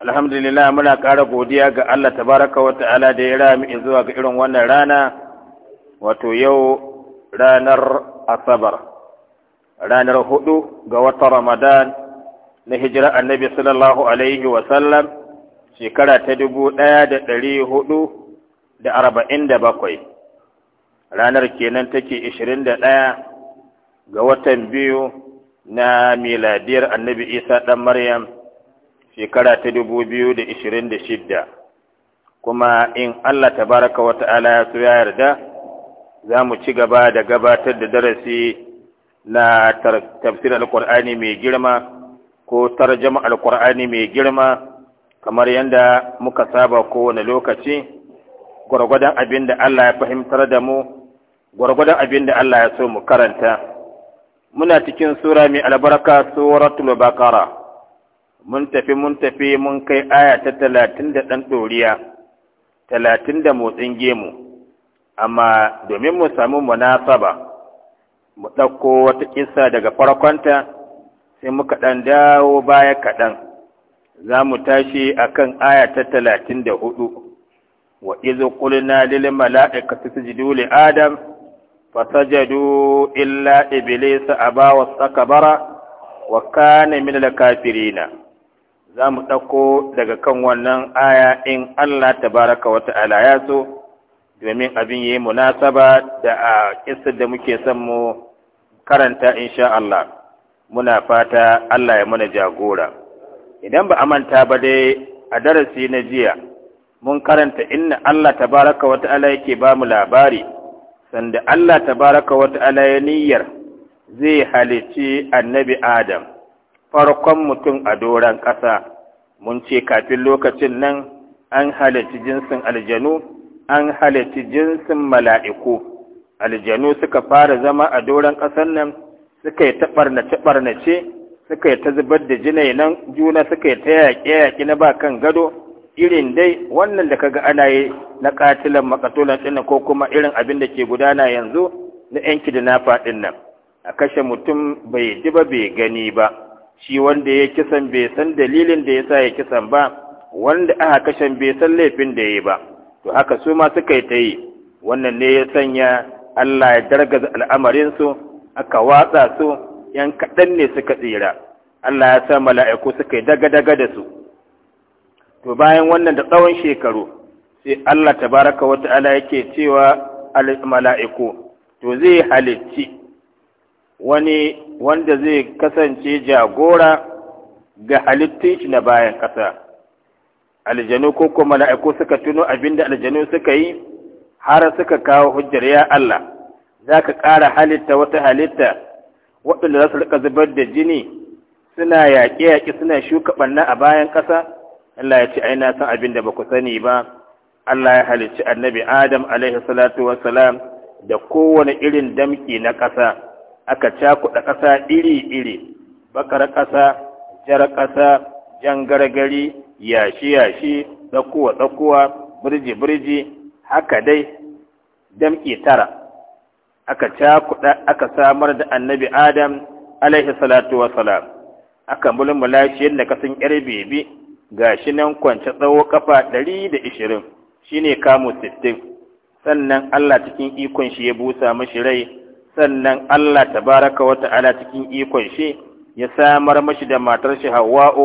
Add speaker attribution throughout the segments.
Speaker 1: alhamdulillah muna ƙara godiya ga Allah tabaraka wa ta'ala da ya rami zuwa ga irin wannan rana wato yau ranar asabar ranar hudu ga wata ramadan na hijira annabi sallallahu alaihi sallam shekara ta dubu ɗaya da ɗari hudu da arba'in da bakwai ranar kenan take ishirin da ɗaya ga watan biyu na miladiyar annabi isa ɗan maryam shekara ta dubu biyu da ishirin da shidda kuma in Allah ta baraka wa ta'ala ya so ya yarda za mu ci gaba da gabatar da darasi na tafsir alkur'ani mai girma ko tarjama alkur'ani mai girma kamar yadda muka saba kowane lokaci gwargwadon abin da Allah ya fahimtar da mu gwargwadon abin da Allah ya so mu karanta muna cikin sura mai albarka suratul baqara mun tafi mun tafi mun kai aya ta talatin da ɗan ɗoriya talatin da motsin gemu amma domin mu samu munasaba mu ɗauko wata ƙisa daga farkonta sai muka ɗan dawo baya kaɗan za mu tashi a kan aya ta talatin da hudu wa izo kulina lili mala'ika su sujudu li adam fasajadu illa iblisa aba tsakabara wa kane min kafirina za mu ɗauko daga kan wannan aya in Allah tabaraka wa ya so domin abin yi munasaba da a ƙisar da muke son mu karanta insha Allah muna fata Allah ya mana jagora idan ba a manta ba dai a darasi na jiya mun karanta inna Allah tabaraka wata ta'ala yake ba mu labari sanda Allah tabaraka wata ta'ala ya niyyar zai halici annabi Adam farkon mutum a doron ƙasa mun ce kafin lokacin nan an halarci jinsin aljanu an halarci jinsin mala'iku aljanu suka fara zama a doron ƙasar nan suka yi taɓarnace-ɓarnace suka yi ta zubar da jinai nan juna suka yi ta yaƙe-yaƙe na ba kan gado irin dai wannan da kaga ana yi na ƙatilan makatolan ɗin ko kuma irin abin da ke gudana yanzu na 'yan kidnapper ɗin nan a kashe mutum bai ji ba bai gani ba shi wanda ya kisan bai san dalilin da ya sa ya kisan ba wanda aka kashen bai san laifin da yayi ba to haka su ma suka yi ta yi wannan ne ya sanya Allah ya dargaza al'amarinsu aka watsa su ‘yan kaɗan ne suka tsira Allah ya sa mala'iku suka yi daga-daga da su to bayan wannan da tsawon shekaru sai Allah tabaraka wata'ala yake cewa mala'iku to zai halicci wani wanda zai kasance jagora ga halittun shi na bayan ƙasa aljanu ko kuma mala'iku suka tuno abinda aljanu suka yi har suka kawo hujjar ya Allah za ka ƙara halitta wata halitta waɗanda za su rika zubar da jini suna yaƙe-yaƙe suna shuka ɓanna a bayan ƙasa Allah ya ce aina san abin da ba ku sani ba Allah ya halicci annabi Adam alaihi salatu wassalam da kowane irin damki na ƙasa aka cakuɗa ƙasa iri-iri bakar ƙasa jar ƙasa jan gargari yashi-yashi tsakuwa-tsakuwa birji-birji haka dai damƙi tara aka cakuɗa aka samar da annabi adam alaihi salatu wasalam aka mulmula shi yadda kasan yar bebi ga shi nan kwance tsawo kafa ɗari da ishirin ne kamu sittin sannan allah cikin ikon shi ya busa mashi rai sannan Allah ta baraka wa ta'ala cikin ikon shi ya samar mashi da matar shi Hawwa'u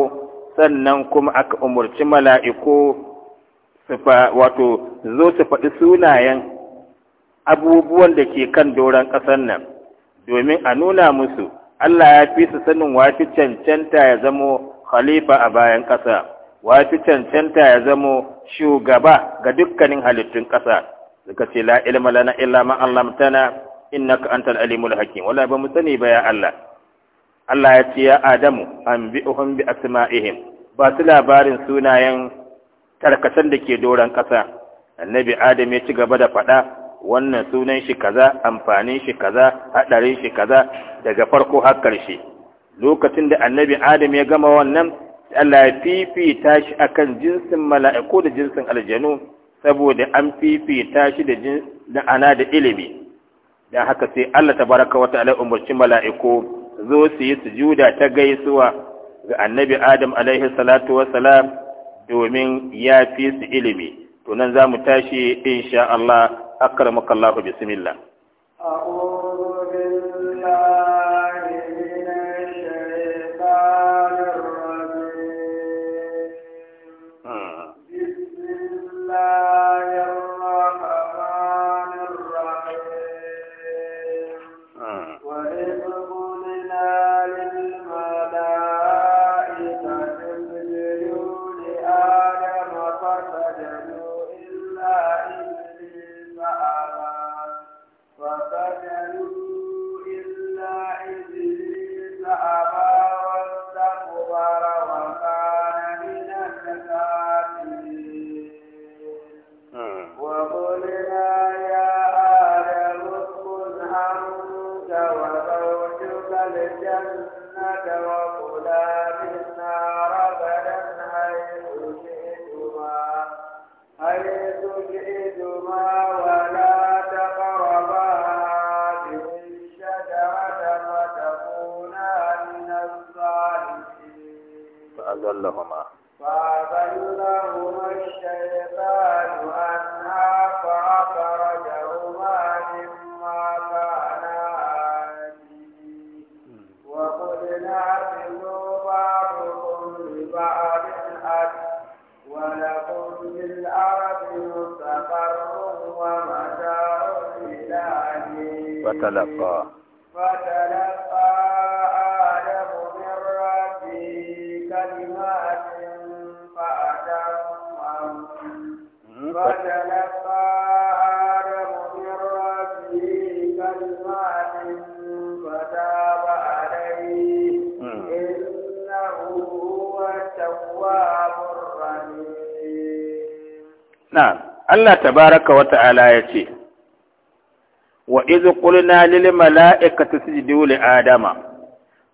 Speaker 1: sannan kuma aka umurci mala'iku wato zo su faɗi sunayen abubuwan da ke kan doron ƙasar nan domin a nuna musu Allah ya fi su sanin wafi cancanta ya zamo khalifa a bayan ƙasa wafi cancanta ya zamo shugaba ga dukkanin halittun ƙasa suka ce la ilma lana illa ma innaka antal alimul hakim wala ba mu sani ba ya Allah Allah ya ce ya Adamu an bi uhum bi asma'ihim ba su labarin sunayen tarkacen da ke doron ƙasa annabi Adam ya ci gaba da faɗa wannan sunan shi kaza amfanin shi kaza hadarin shi kaza daga farko har ƙarshe lokacin da annabi Adam ya gama wannan Allah ya fifita shi akan jinsin mala'iku da jinsin aljanu saboda an fifita shi da ana da ilimi dan haka sai Allah tabaraka wa ta'ala umarci mala'iku zo su yi sujuda ta gaisuwa ga annabi Adam alaihi salatu wa salam domin ya fi su ilimi to nan za mu tashi insha Allah akramakallahu bismillah tabaraka wa ta'ala ya ce, Wa izu ƙulna lil mala'ikatu sujudu li Adama,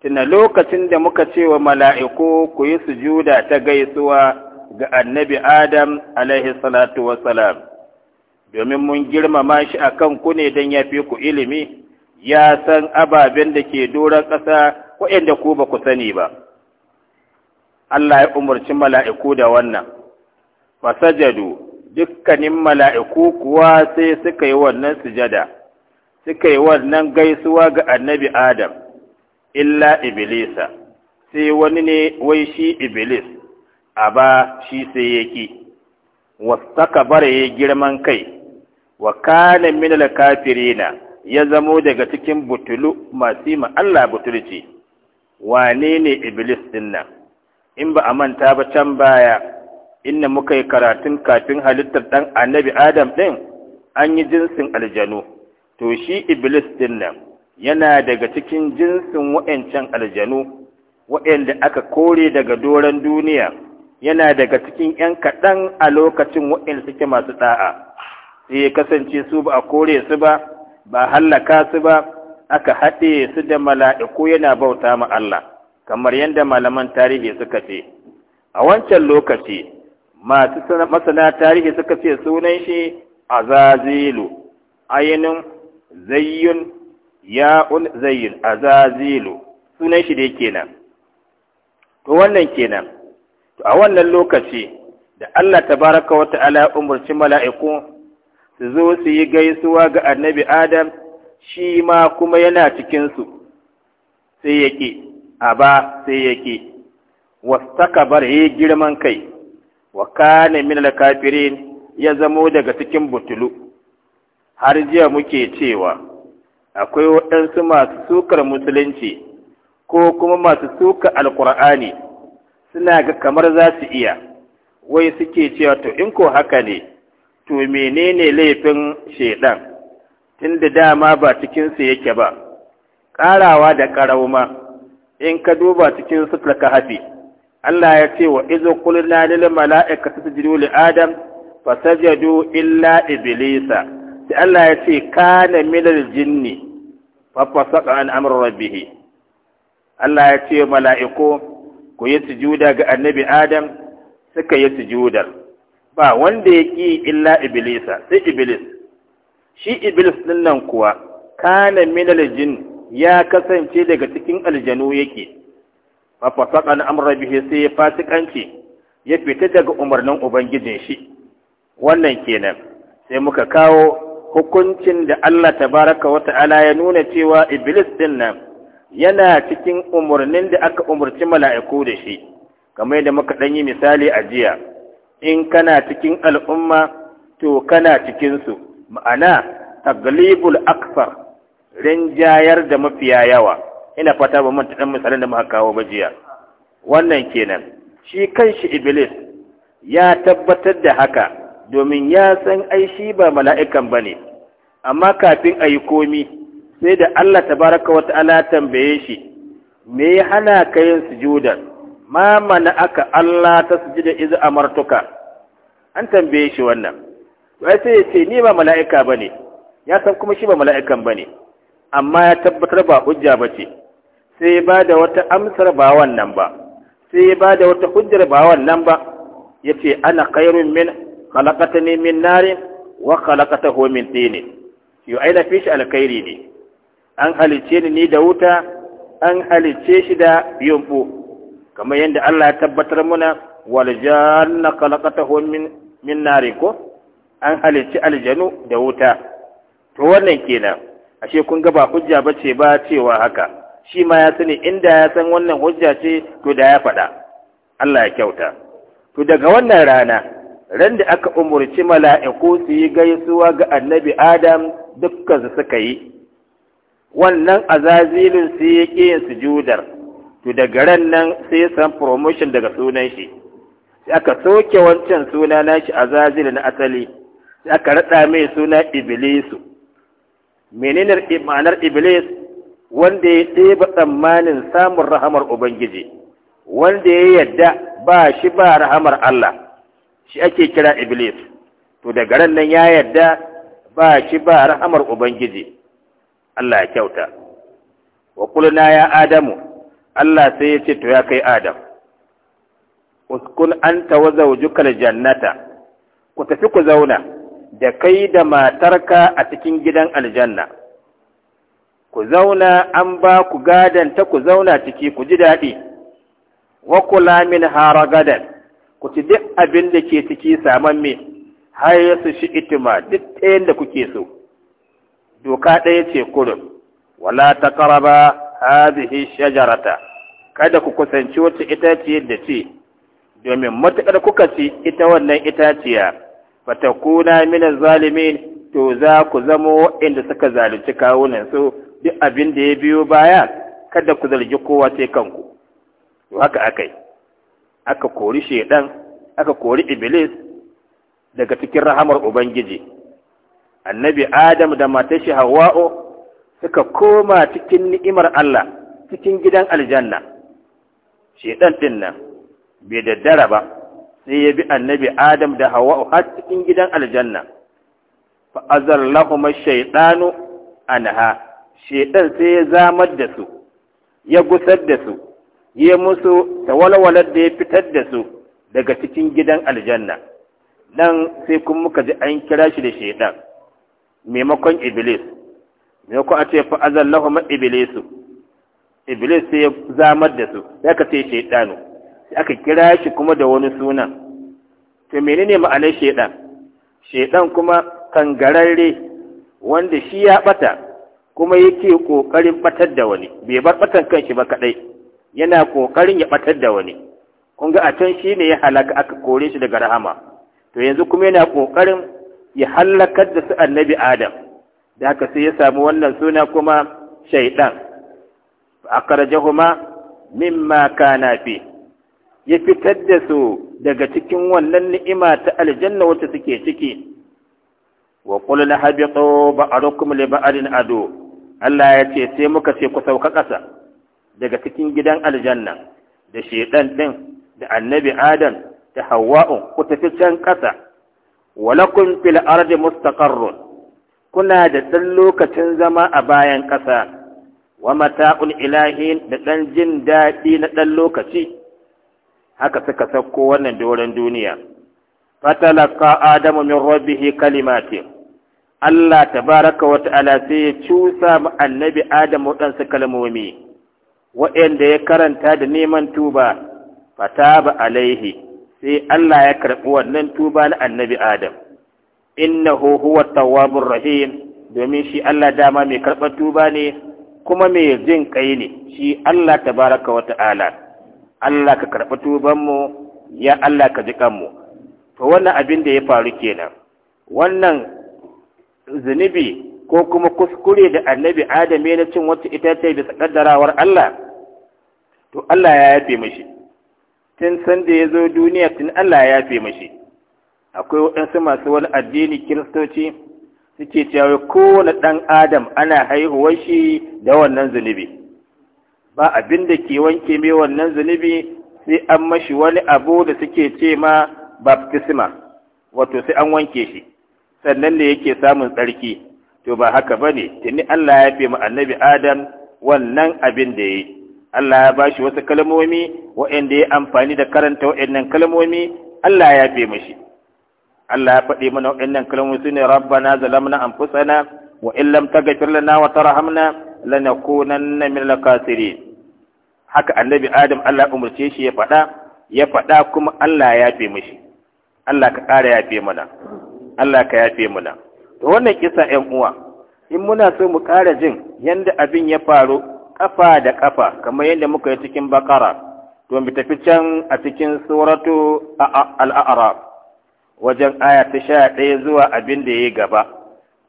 Speaker 1: tuna lokacin da muka ce wa mala'iku ku yi sujuda ta gaisuwa ga annabi Adam alaihi salatu wa salam, domin mun girmama shi a kan ku ne don ya fi ku ilimi, ya san ababen da ke doron ƙasa waɗanda ku ba ku sani ba. Allah ya umarci mala'iku da wannan, fasajadu dukkanin mala'iku kuwa sai suka yi wannan sujada suka yi wannan gaisuwa ga annabi adam illa iblisa sai wani ne wai shi iblis a ba shi sai ya ƙi Wasu ya girman kai wa kana minal kafirina ya zamo daga cikin butulu masu yi Allah butulci wane ne iblis din nan in ba a manta ba can baya inda muka yi karatun kafin halittar ɗan annabi adam ɗin an yi jinsin aljanu to shi iblis ɗin nan yana daga cikin jinsin wa'ancan aljanu wa'anda aka kore daga doron duniya yana daga cikin 'yan kaɗan a lokacin wa'anda suke masu ɗa'a sai ya kasance su ba a kore su ba ba hallaka su ba aka haɗe su da mala'iku yana bauta ma Allah kamar yadda malaman tarihi suka ce a wancan lokaci masu masana tarihi suka ce sunan shi azazilu ainin zayyun ya'un zayyun azazilu sunan shi dai kenan to wannan kenan to a wannan lokaci da Allah tabaraka wa ta'ala umarci mala'iku su zo su yi gaisuwa ga annabi Adam shi ma kuma yana cikinsu sai yake a ba sai yake wasu takabar ya yi eh, girman kai wa kana min al-kafirin ya zamo daga cikin butulu har jiya muke cewa akwai waɗansu masu sukar musulunci ko kuma masu suka alkur'ani suna ga kamar za su iya wai suke cewa to in ko haka ne to menene laifin shaidan tunda dama ba cikinsu yake ba ƙarawa da ma. in ka duba cikin sutura ka hafi Allah ya ce wa izu kulna lil ta sujudu wuli adam fasajadu illa iblisa sai Allah ya ce ka na milar jinni fafa saƙa an amri rabbih Allah ya ce mala'iku ku yi juda ga annabi adam suka yi sujudar ba wanda ya ki illa iblisa sai iblis shi iblis din nan kuwa Ka na milar jin ya kasance daga cikin aljanu yake fa fasaqa al-amra bihi sai ya fasikanci ya fita daga umarnin ubangijin shi wannan kenan sai muka kawo hukuncin da Allah tabaraka wa ta'ala ya nuna cewa iblis din nan yana cikin umarnin da aka umarci mala'iku da shi kamar yadda muka dan yi misali a jiya in kana cikin al'umma to kana cikin su ma'ana taglibul akfar rinjayar da mafiya yawa ina fata ba manta dan misalan da muka kawo jiya. wannan kenan shi kanshi iblis ya tabbatar da haka domin ya san ai shi ba mala'ikan bane amma kafin ayi komi sai da Allah tabaraka wa ta'ala tambaye shi me ya hana ka yin sujuda ma mana aka Allah ta sujuda iz amartuka an tambaye shi wannan wai sai yace ni ba mala'ika bane ya san kuma shi ba mala'ikan bane amma ya tabbatar ba hujja bace sai ba da wata amsar ba wannan ba sai ba da wata hujjar ba wannan ba yace ana khairun min khalaqatani min narin wa khalaqatahu min tinin yo aina fi shi alkhairi ne an halice ni ni da wuta an halice shi da yumbu kamar yadda Allah ya tabbatar muna wal janna khalaqatahu min min nari ko an halice aljanu da wuta to wannan kenan ashe kun ga ba hujja bace ba cewa haka shi ma ya sani inda ya san wannan hujja ce to da ya faɗa Allah ya kyauta to daga wannan rana ran da aka umurci mala'iku su yi gaisuwa ga annabi Adam dukkan su suka yi wannan azazilin su yi su sujudar to daga ran nan sai san promotion daga sunan shi sai aka soke wancan suna shi azazil na asali sai aka rada mai suna iblisu menene ma'anar iblis wanda ya ɗeba tsammanin samun rahamar ubangiji wanda ya yadda ba shi ba rahamar Allah shi ake kira iblis to daga ran nan ya yadda ba shi ba rahamar ubangiji Allah ya kyauta wa kulna ya adamu Allah sai ya ce to ya kai adam uskun an wa zawjukal jannata ku tafi ku zauna da kai da matarka a cikin gidan aljanna ku zauna an ba ku gadon ta ku zauna ciki ku ji daɗi wa kula min haragadan ku ci duk abin da ke ciki saman me har ya su shi itima duk ɗayan da kuke so doka ɗaya ce kurum wala ta karaba hazihi shajarata kada ku kusanci wata itaciyar da ce domin matuƙar kuka ci ita wannan itaciya fatakuna min zalimin to za ku zamo waɗanda suka zalunci kawunan su duk abin da ya biyo baya kada ku zargi kowa sai kanku to haka akai aka kori shedan aka kori iblis daga cikin rahamar ubangiji annabi adam da matar shi hawa'u suka koma cikin ni'imar Allah cikin gidan aljanna shedan din nan bai daddara ba sai ya bi annabi adam da hawa'u har cikin gidan aljanna fa shaiɗanu mashaitanu anha shedan sai ya zamar da su ya gusar da su ya musu tawalwalar da ya fitar da su daga cikin gidan aljanna nan sai kun muka ji an kira shi da shedan maimakon iblis maimakon a ce fa azallahu ma iblisu iblis sai ya zamar da su sai ka ce shedanu sai aka kira shi kuma da wani sunan to menene ma'anar shedan shedan kuma kangararre wanda shi ya bata kuma yake kokarin batar da wani bai bar batan kanshi ba kadai yana kokarin ya batar da wani kun ga a can shine ya halaka aka kore shi daga rahama to yanzu kuma yana kokarin ya halakar da su annabi adam da haka sai ya samu wannan suna kuma shaidan akarajahuma mimma kana fi ya fitar da su daga cikin wannan ni'ima ta aljanna wacce suke ciki wa qul la habiqu ba'arukum li adu Allah ya ce sai muka ce ku sauka ƙasa daga cikin gidan aljanna da shedan din da annabi adam da hawa'u ku tafi can ƙasa walakun fil ardi mustaqarrun kuna da ɗan lokacin zama a bayan ƙasa wa mata'un ilahin da ɗan jin daɗi na ɗan lokaci haka suka sauko wannan doron duniya fatalaka adamu min rabbihi kalimatin Allah tabaraka wa ta'ala sai ya cusa ma annabi Adam waɗansu kalmomi waɗanda ya karanta da neman tuba fataba alaihi sai Allah ya karɓi wannan tuba na annabi Adam innahu huwa tawwabur rahim domin shi Allah dama mai karɓar tuba ne kuma mai jin kai ne shi Allah tabaraka wa ta'ala Allah ka karɓi tubanmu ya Allah ka ji kanmu to wannan abin da ya faru kenan wannan zunubi ko kuma kuskure da annabi adam na cin wata itace bisa kaddarawar Allah to Allah ya yafe mashi tun san da ya zo duniya tun Allah ya yafe mashi akwai waɗansu masu wani addini kiristoci suke cewa kowane ɗan adam ana haihuwar shi da wannan zunubi ba abin da ke wanke mai wannan zunubi sai an mashi wani abu da suke ce ma baptisma wato sai an wanke shi sannan ne yake samun tsarki to ba haka ba ne tuni Allah ya fi annabi adam wannan abin da ya yi Allah ya ba shi wasu kalmomi waɗanda ya amfani da karanta waɗannan kalmomi Allah ya fi mashi Allah ya faɗi mana waɗannan kalmomi su ne rabbana zalamna anfusana wa in lam lana wa tarhamna lanakunanna min al-khasirin haka annabi adam Allah umurce shi ya faɗa ya faɗa kuma Allah ya fi mashi Allah ka ƙara ya fi mana Allah ka yafe muna to wannan kisa ɗan uwa in muna so mu ƙara jin yanda abin ya faru ƙafa da ƙafa kamar yadda muka yi cikin bakara to mu tafi can a cikin suratu al-a'raf wajen aya ta sha ɗaya zuwa abin da ya gaba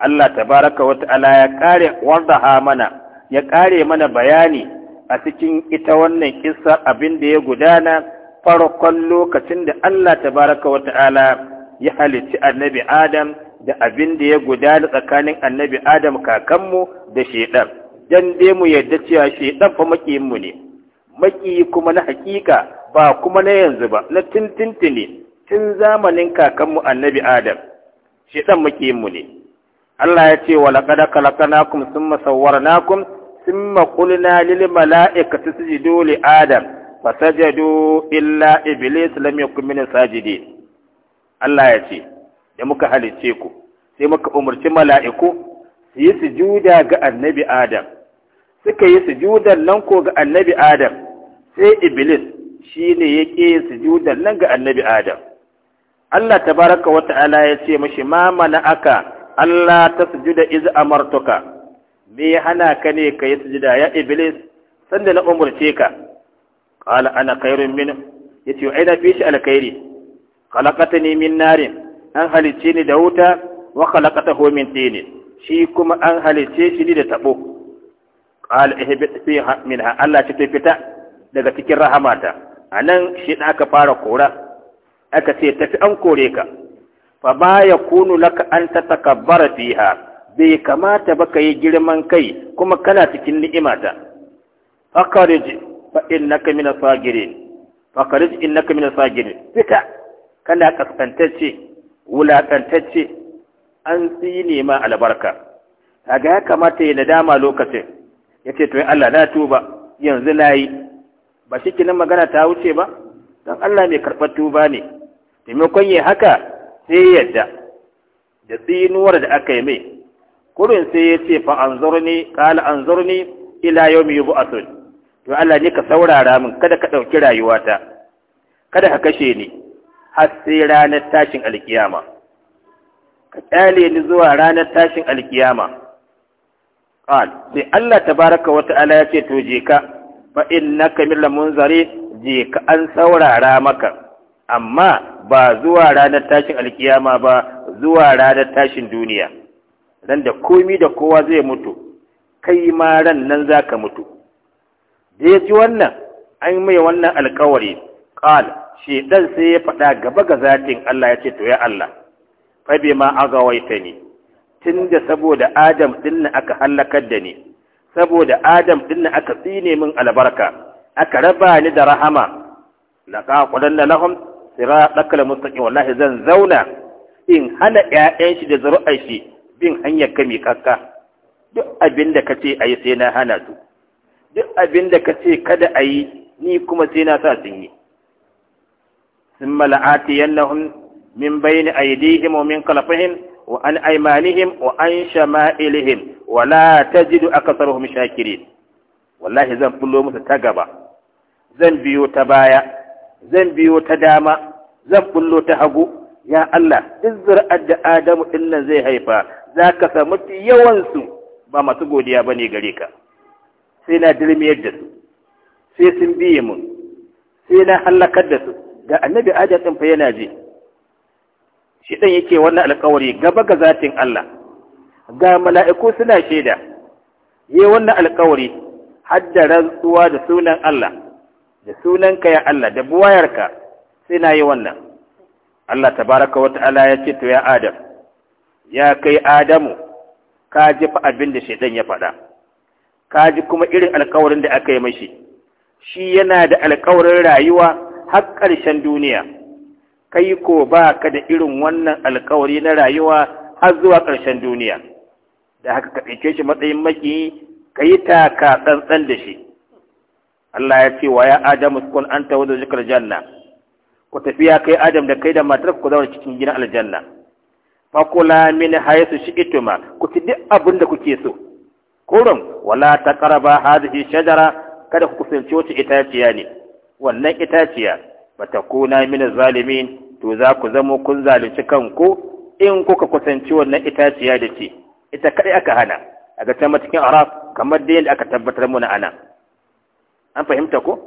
Speaker 1: Allah tabaraka wa ta'ala ya kare wardaha mana ya kare mana bayani a cikin ita wannan kisa abin da ya gudana farkon lokacin da Allah tabaraka wa ta'ala ya halicci annabi adam da abin da ya gudana tsakanin annabi adam kakanmu da shaidan dan dai mu yarda cewa shaidan fa mu ne makiyi kuma na hakika ba kuma na yanzu ba na tintintini tun zamanin kakanmu annabi adam shaidan mu ne Allah ya ce wa laqad khalaqnakum thumma sawwarnakum thumma qulna lil mala'ikati isjudu li adam fasajadu illa iblis lam yakun min sajidin Allah ya ce da muka halice ku sai muka umarci mala'iku su yi sujuda ga annabi Adam suka yi sujudan nan ko ga annabi Adam sai Iblis shi ne ya su sujudan nan ga annabi Adam Allah ta baraka wa ta'ala ya ce mashi ma mana aka Allah ta sujuda iz amartuka me hana ka ne ka yi sujuda ya Iblis sanda na umarce ka ƙala ana khairun minhu ya ce, na fi shi alkhairi khalaqatani min narin an halice ni da wuta wa khalaqatahu min tini shi kuma an halice shi da tabo qal ihbit fiha minha Allah ce fita daga cikin rahamata anan shi da aka fara kora aka ce tafi an kore ka fa ba kunu laka an tatakabbara fiha bai kamata ba ka yi girman kai kuma kana cikin ni'imata fakarij fa innaka min asagirin fakarij innaka min asagirin fita kana kaskantacce wulakantacce an tsine ma albarka kaga ya kamata ya nadama lokacin yace to Allah na tuba yanzu nayi ba shi shikenan magana ta wuce ba dan Allah mai karɓar tuba ne taimakon yi haka sai yadda da tsinuwar da aka yi mai kurin sai ya ce fa anzurni qala anzurni ila yawmi yub'athun to Allah ne ka saurara min kada ka ɗauki rayuwata kada ka kashe ni har sai ranar tashin alkiyama ka tsale ni zuwa ranar tashin alkiyama qal sai Allah tabaraka wa ta'ala ya ce to je ka fa innaka min munzari je ka an saurara maka amma ba zuwa ranar tashin alkiyama ba zuwa ranar tashin duniya dan da komi da kowa zai mutu kai ma ran nan zaka mutu da ji wannan an mai wannan alkawari qal dan sai ya faɗa gaba ga zatin Allah ya ce to ya Allah fa bi ma agawaita ni tunda saboda Adam din aka halakar da ni saboda Adam din aka tsine min albarka aka raba ni da rahama laqa qulanna lahum siratal mustaqim wallahi zan zauna in hana ƴaƴan shi da zuru'ai shi bin hanyar kami kakka duk abin da kace ayi sai na hana su duk abin da kace kada ayi ni kuma sai na sa sun yi Sun ati yalla hun min bayni aidihi mu min kalafahin wa an aimanihim wa an shama ilihin wala ta jidu aka saro mu shakiri wallahi zan fulo musu ta gaba zan biyo ta baya zan biyo ta dama zan bullo ta hagu ya Allah duk zira'ar da adamu din nan zai haifa za ka samu fi yawansu ba masu godiya ba ne gare ka sai na dirmiyar da su sai sun biye mu sai na hallakar da su Da annabi adam din fa yana ji shi dan yake wannan alƙawari gaba ga zatin Allah ga mala'iku suna shaida yi wannan alƙawari har da rantsuwa da sunan Allah da sunanka ya Allah da buwayarka suna yi wannan Allah tabaraka wa ta'ala ya ce to ya adam ya kai adamu ka ji fa abin da shaidan ya faɗa ka ji kuma irin alƙawarin da aka yi mashi shi yana da alƙawarin rayuwa har ƙarshen duniya kai ko ba ka da irin wannan alkawari na rayuwa har zuwa ƙarshen duniya da haka ka ɗauke shi matsayin maki ka yi taka tsantsan da shi Allah ya ce wa ya Adamu kun an tawo da zikar janna ku tafiya kai Adam da kai da matar ku zauna cikin gidan aljanna fakula min haythu shi'tuma ku ci duk abin da kuke so kurun wala taqraba hadhihi shajara kada ku kusanci wata itaciya ne wannan itaciya ba ta kuna mini zalimin to za ku zama kun zalunci kanku in kuka kusanci wannan itaciya da ce ita kaɗai aka hana a ga can cikin araf kamar da yadda aka tabbatar muna ana an fahimta ko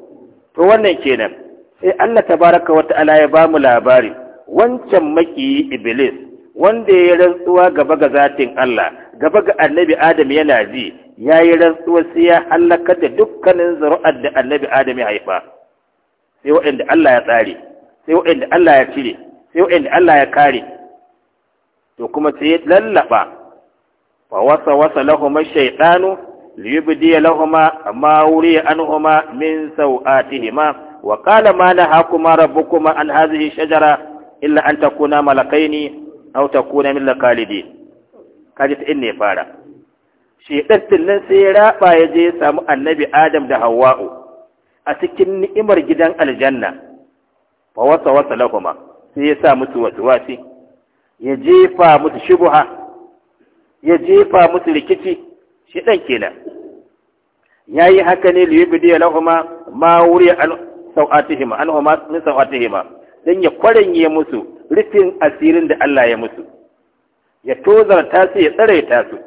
Speaker 1: to wannan kenan sai Allah tabaraka wa ta'ala ya ba mu labari wancan makiyi iblis wanda ya rantsuwa gaba ga zatin Allah gaba ga annabi Adam yana ji ya yi rantsuwa sai ya halaka da dukkanin zuri'ar da annabi Adam ya haifa sai waɗanda Allah ya tsare sai waɗanda Allah ya cire sai waɗanda Allah ya kare to kuma sai ya lallaba fa wasa wasa lahum ash-shaytanu liyubdi lahum ma wuri huma min sau a tihima, wa qala ma rabu kuma an hadhihi shajara illa an takuna malakaini aw takuna min al-khalidin kaji ta inne fara shedan nan sai ya raɓa ya je ya samu annabi adam da hawwa'u a cikin ni'imar gidan aljanna fa wasa wasa lahuma sai ya sa musu wasi ya jefa musu shubuha ya jefa musu rikici shi dan kenan ya yi haka ne liyubidi lahuma ma wuri an sau'atihima an huma min sau'atihima dan ya kwaranye musu rufin asirin da Allah ya musu ya tozarta su ya ta su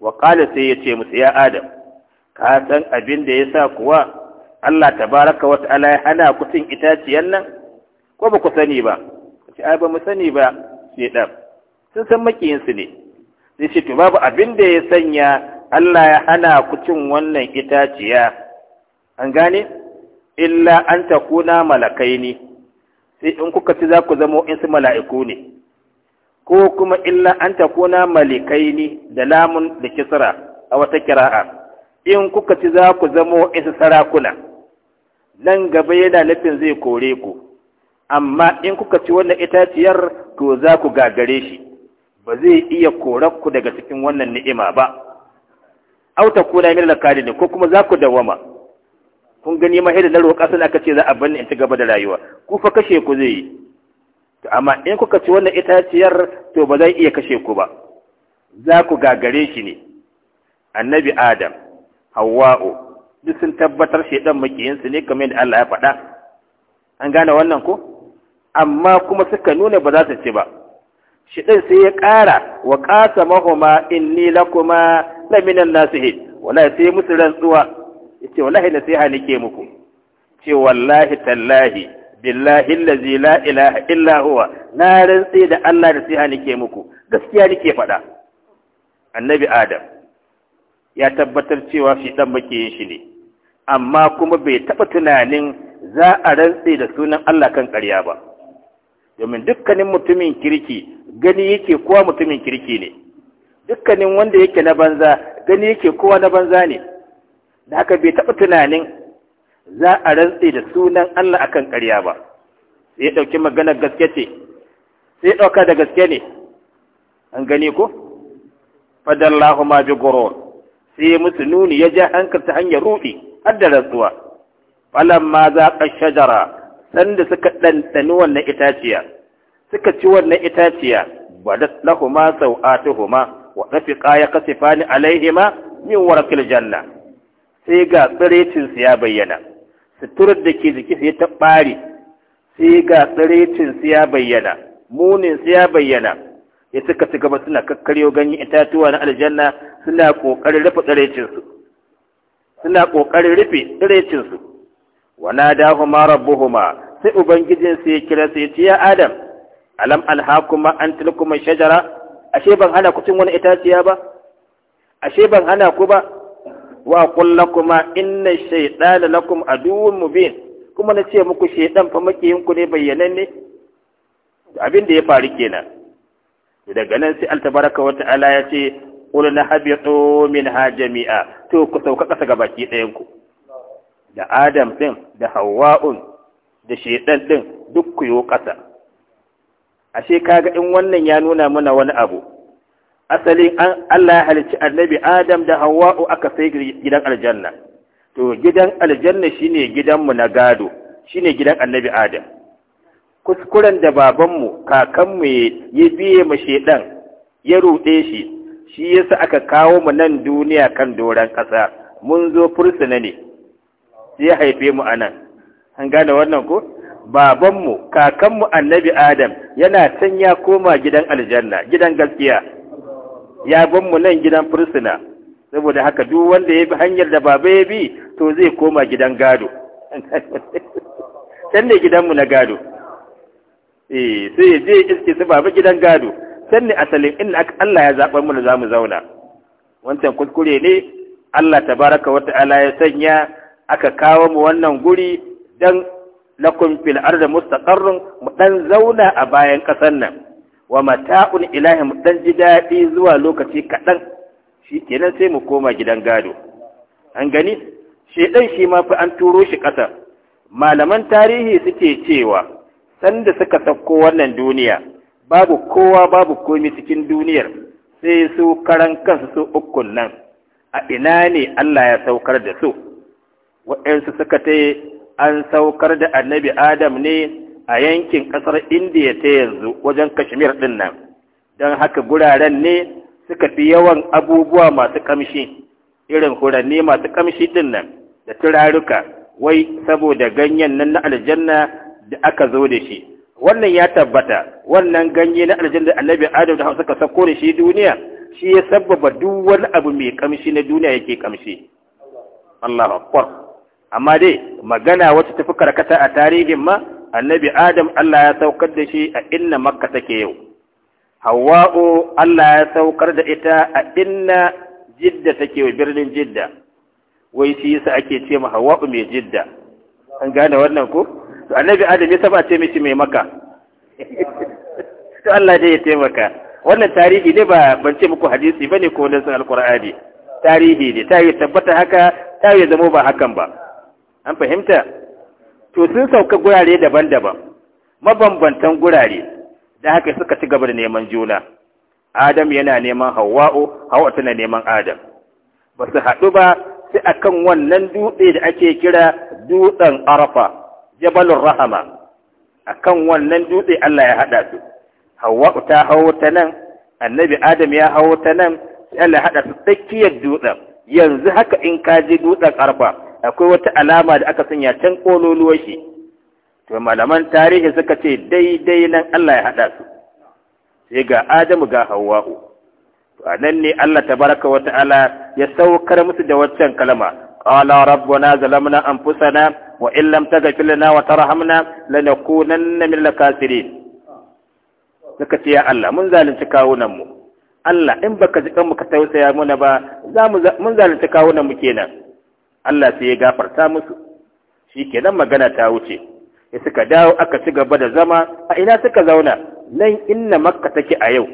Speaker 1: wa qala sai ya ce musu ya adam ka san abin da yasa kuwa Allah tabaraka wa ta'ala ya hana ku cin itaciyan nan ko ba ku sani ba ce ai ba mu sani ba sai dan sun san makiyin su ne sai ce to babu abin da ya sanya Allah ya hana ku cin wannan itaciya an gane illa an takuna malakaini sai in kuka ci za ku zama in su mala'iku ne ko kuma illa an takuna malikaini da lamun da kisra a wata kira'a in kuka ci za ku zama in sarakuna nan gaba yana nufin zai kore ku amma in kuka ci wannan itaciyar to za ku gagare shi ba zai iya korar ku daga cikin wannan ni'ima ba auta na min lakari ne ko kuma za ku dawama kun gani ma hidda na roƙa sun aka ce za a bani in ci gaba da rayuwa ku fa kashe ku zai yi amma in kuka ci wannan itaciyar to ba zai iya kashe ku ba za ku gagare shi ne annabi adam hawwa'u duk sun tabbatar shaidan makiyinsu ne kamar yadda Allah ya faɗa an gane wannan ko amma kuma suka nuna ba za su ci ba shaidan sai ya ƙara wa ƙasa mahoma inni kuma na minan nasihi wallahi sai musu rantsuwa yace wallahi nasiha nake muku ce wallahi tallahi billahi allazi la ilaha illa huwa na rantsi da Allah nasiha ke muku gaskiya nake faɗa annabi adam ya tabbatar cewa shi dan makiyin shi ne amma kuma bai taɓa tunanin za a rantse da sunan Allah kan ƙarya ba domin dukkanin mutumin kirki gani yake kowa mutumin kirki ne dukkanin wanda yake na banza gani yake kowa na banza ne da haka bai taɓa tunanin za a rantse da sunan Allah kan ƙarya ba sai ya ɗauki maganar gaske ce sai ɗauka da gaske ne an gani ko fadallahu ma bi sai musu nuni ya ja hankalta hanyar ruɗi har da rantsuwa za ka shajara sanda suka ɗanɗani wannan itaciya suka ci wannan itaciya da sau a sau'atuhuma wa rafiqa ya kasifani alaihima min warakil janna sai ga tsirecin ya bayyana suturar da ke jiki sai ta ɓare sai ga tsirecin ya bayyana munin su ya bayyana ya suka ci gaba suna kakkaryo ganyen itatuwa na aljanna suna ƙoƙarin rufe tsirecin suna ƙoƙarin rufe tsiraicinsu wana da huma rabbuhuma sai ubangijinsu ya kira su ya adam alam alha kuma an tilkuma shajara ashe ban hana ku cin wani itaciya ba ashe ban hana ku ba wa kulla kuma inna shaytana lakum aduwwun mubin kuma na ce muku shaydan fa makiyin ku ne bayyananne abin da ya faru kenan daga nan sai altabaraka wata ta'ala ya ce qulna habitu minha jami'a to ku sauka ƙasa ga baki ɗayanku. da Adam ɗin, da Hawwa'un da shedan ɗin, duk ku yo ƙasa. ashe kaga in wannan ya nuna mana wani abu asalin an Allah ya halicci annabi Adam da Hawwa'u aka sai gidan aljanna to gidan aljanna shine gidanmu na gado shine gidan annabi Adam kuskuren da babanmu kakanmu ya biye ma shedan ya ruɗe shi shi yasa aka kawo mu nan duniya kan doron ƙasa mun zo fursuna ne sai ya haife mu anan an gane wannan ko babanmu kakanmu annabi adam yana can ya koma gidan aljanna gidan gaskiya ya ban mu nan gidan fursuna saboda haka duk wanda ya bi hanyar da baba ya bi to zai koma gidan gado can ne gidanmu na gado eh sai ya je iske su baba gidan gado can ne asalin inda Allah ya zaɓar mu da za mu zauna wancan kuskure ne Allah tabaraka wa ta'ala ya sanya aka kawo mu wannan guri don lakum fil ardi mustaqarrun mu ɗan zauna a bayan ƙasar nan wa mata'un ilahi mu dan ji daɗi zuwa lokaci kaɗan shi kenan sai mu koma gidan gado an gani shedan shi ma fi an turo shi ƙasa malaman tarihi suke cewa sanda suka sauko wannan duniya babu kowa babu komi cikin duniyar sai su karan kansu su ukun nan a ina ne Allah ya saukar da su waɗansu suka ta an saukar da annabi adam ne a yankin ƙasar indiya ta yanzu wajen kashmir ɗin nan don haka guraren ne suka fi yawan abubuwa masu ƙamshi irin huranni masu ƙamshi ɗin nan da turaruka wai saboda ganyen nan na aljanna da aka zo da shi wannan ya tabbata wannan ganye na aljanna annabi adam da ka sako da shi duniya shi ya sababa duk wani abu mai kamshi na duniya yake kamshi Allahu akbar amma dai magana wacce tafi karkata a tarihin ma annabi adam Allah ya saukar da shi a inna makka take yau hawa'u Allah ya saukar da ita a inna jidda take birnin jidda wai shi yasa ake ce ma hawa'u mai jidda an gane wannan ko to annabi adam ya saba ce mishi mai maka to Allah dai ya taimaka wannan tarihi ne ba ban ce muku hadisi bane ko na sun alqur'ani tarihi ne ta yi tabbata haka ta yi zamo ba hakan ba an fahimta to sun sauka gurare daban-daban mabambantan gurare da haka suka ci gaba da neman juna adam yana neman hawa'u hawa tana neman adam ba su haɗu ba sai akan wannan dutse da ake kira dutsen arafa jabalun rahama akan wannan dutse Allah ya hada su hawa ta hawo ta nan annabi Adam ya hawo ta nan Allah ya hada su tsakiyar dutsen yanzu haka in ka je dutsen karfa akwai wata alama da aka sanya can kololuwar shi to malaman tarihi suka ce daidai nan Allah ya hada su sai ga Adamu ga Hawwa'u to anan ne Allah tabaraka wa ta'ala ya saukar musu da waccan kalma qala rabbuna zalamna anfusana wa in lam taghfir lana wa tarhamna lanakunanna min al suka ce ya Allah mun zalunci kawunan mu Allah in baka ji kan ka tausaya mana ba za mu mun zalunci kawunan mu kenan Allah sai ya gafarta musu kenan magana ta wuce ya suka dawo aka ci gaba da zama a ina suka zauna nan inna makka take a yau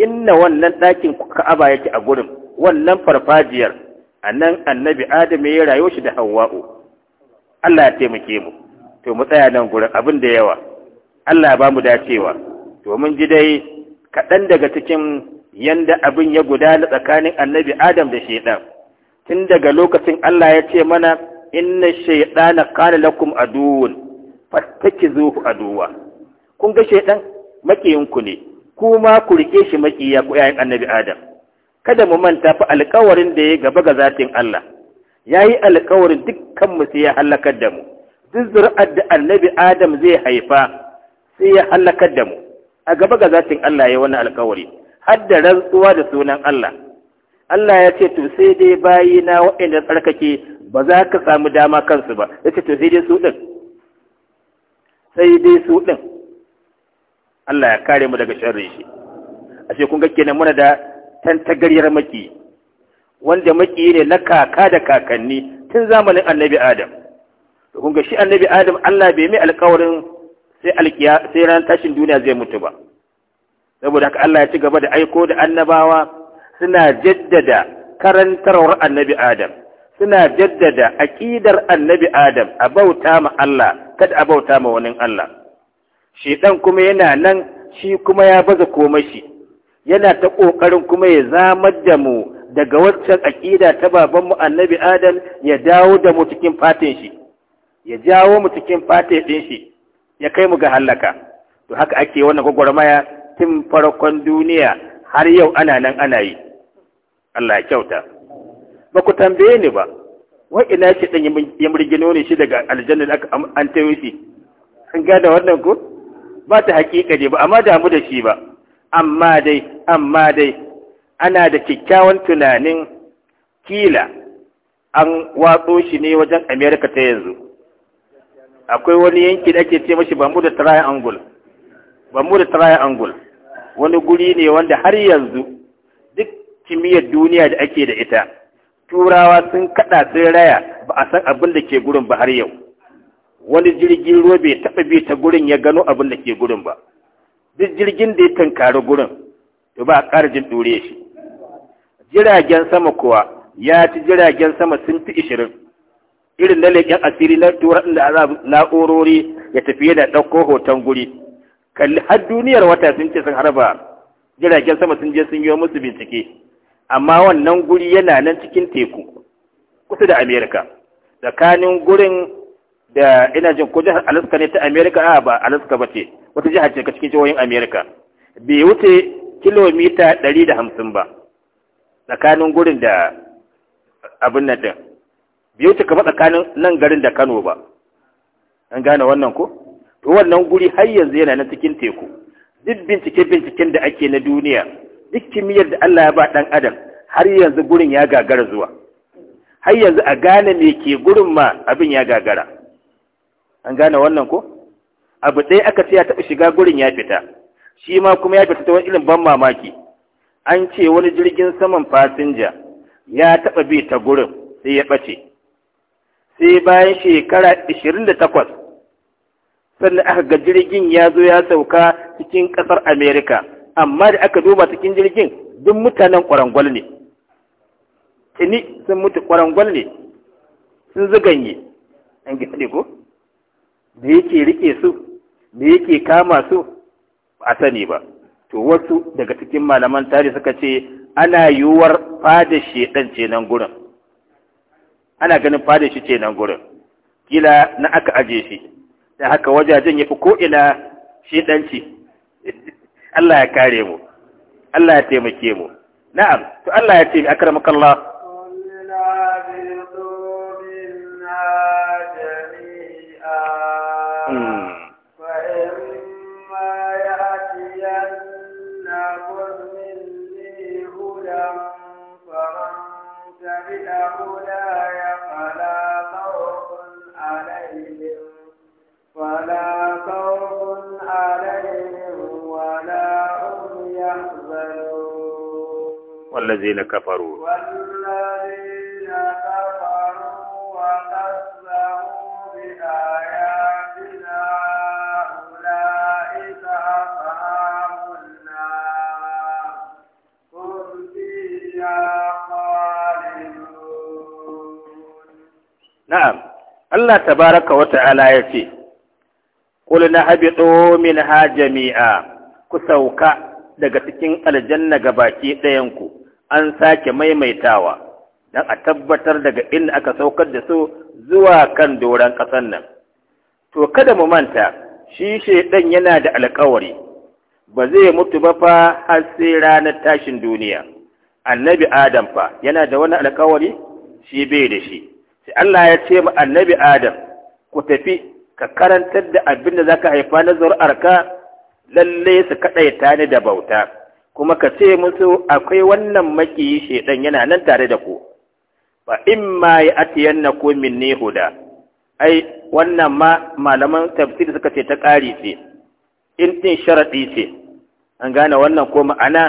Speaker 1: inna wannan ɗakin ka'aba yake a gurin wannan farfajiyar a nan annabi adam ya rayu shi da hawa'u Allah ya taimake mu to mu tsaya nan gurin abin da yawa Allah ya ba mu dacewa to mun ji dai kaɗan daga cikin yanda abin ya gudana tsakanin annabi Adam da shaidan tun daga lokacin Allah ya ce mana inna shaidana kana lakum aduwwun zuhu aduwa kun ga makiyin makiyinku ne kuma ku rike shi makiya ku yayin annabi Adam kada mu manta fa alƙawarin da ya gaba ga zatin Allah ya yi alkawarin dukkanmu sai ya halakar da mu duk zuri'ar da annabi adam zai haifa sai ya halakar da mu a gaba ga zatin Allah ya wani alkawari har da rantsuwa da sunan Allah Allah ya ce to sai dai bayi na waɗanda tsarkake ba za ka samu dama kansu ba ya ce to sai dai su ɗin sai dai su ɗin Allah ya kare mu daga sharri shi ce kun ga kenan muna da tantagaryar maki wanda maki ne na kaka da kakanni tun zamanin annabi adam to kun ga shi annabi adam Allah bai mai alƙawarin sai alkiya sai ran tashin duniya zai mutu ba saboda haka Allah ya ci gaba da aiko da annabawa suna jaddada karantarwar annabi adam suna jaddada aƙidar annabi adam a bauta ma Allah kada a bauta ma wani Allah shedan kuma yana nan shi kuma ya baza komai shi yana ta ƙoƙarin kuma ya zamar da mu daga waccan aƙida ta baban mu, annabi adam ya dawo da mu cikin fatin shi ya jawo mu cikin fatin ɗin shi ya kai mu ga halaka to haka ake wannan gwagwarmaya tun farkon duniya har yau ana nan ana yi Allah ya kyauta ba ku tambaye ni ba wai ina ce dan ya murgino ne shi daga aljanna da aka an tayo shi an gada wannan ko ba ta hakika ne ba amma damu da shi ba amma dai amma dai ana da kyakkyawan tunanin kila an watso shi ne wajen amerika ta yanzu akwai wani yanki da ake ce mashi bermuda triangle bermuda triangle wani guri ne wanda har yanzu duk kimiyyar duniya da ake da ita turawa sun kaɗa sun raya ba a san abin da ke gurin ba har yau wani jirgin ruwa bai taɓa bi ta gurin ya gano abin da ke gurin ba duk jirgin da ya tankari gurin to ba a ƙara jin ɗure shi jiragen sama kuwa ya ci jiragen sama sun fi ishirin irin na leƙen asiri na turan da na'urori ya tafi yana ɗauko hoton guri kalli har duniyar wata sun ce sun harba jiragen sama sun je sun yi musu bincike amma wannan guri yana nan cikin teku kusa da amerika tsakanin gurin da ina jin ko jihar alaska ne ta amerika a ba alaska ba ce wata jihar ce cikin jihohin amerika bai wuce kilomita ɗari da hamsin ba tsakanin gurin da abin nan ɗin biyu ta kama tsakanin nan garin da Kano ba an gane wannan ko to wannan guri har yanzu yana na cikin teku duk bincike binciken da ake na duniya duk kimiyyar da Allah ya ba ɗan adam har yanzu gurin ya gagara zuwa har yanzu a gane me ke gurin ma abin ya gagara an gane wannan ko abu ɗaya aka ce ya taɓa shiga gurin ya fita shi ma kuma ya fita ta wani irin ban mamaki an ce wani jirgin saman fasinja ya taɓa bi ta gurin sai ya ɓace sai bayan shekara 28 sannan aka ga jirgin ya zo ya sauka cikin ƙasar amerika amma da aka duba cikin jirgin duk mutanen ƙwarangwal ne tuni sun mutu ƙwarangwal ne sun zuganye an gina ko da yake rike su da yake kama su ba a sani ba to wasu daga cikin malaman tarihi suka ce ana yiwuwar fada shedan ce nan gurin ana ganin fada shi ce nan gurin kila na aka aje shi da haka wajajen yafi ko shedan ce Allah ya kare mu Allah ya taimake mu na'am to Allah ya ce akramakallah والذين كفروا نعم الله تبارك وتعالى يتي قلنا هبطوا منها جميعا كسوكا sauka daga cikin aljanna ga ɗayanku an sake maimaitawa don a tabbatar daga inda aka saukar da su zuwa kan doron ƙasar nan to kada mu manta shi dan yana da alkawari ba zai mutu ba fa har sai ranar tashin duniya annabi adam fa yana da wani alkawari shi bai da shi sai Allah ya ce ma annabi adam ku tafi ka karantar da abin da zaka haifa na arka lallai su kadaita ni da bauta kuma ka ce musu akwai wannan makiyi shedan yana nan tare da ku in ma ya min minni huda ai wannan ma malaman tafsir suka ce ta ƙari ce in tin sharadi ce an gane wannan ko ma'ana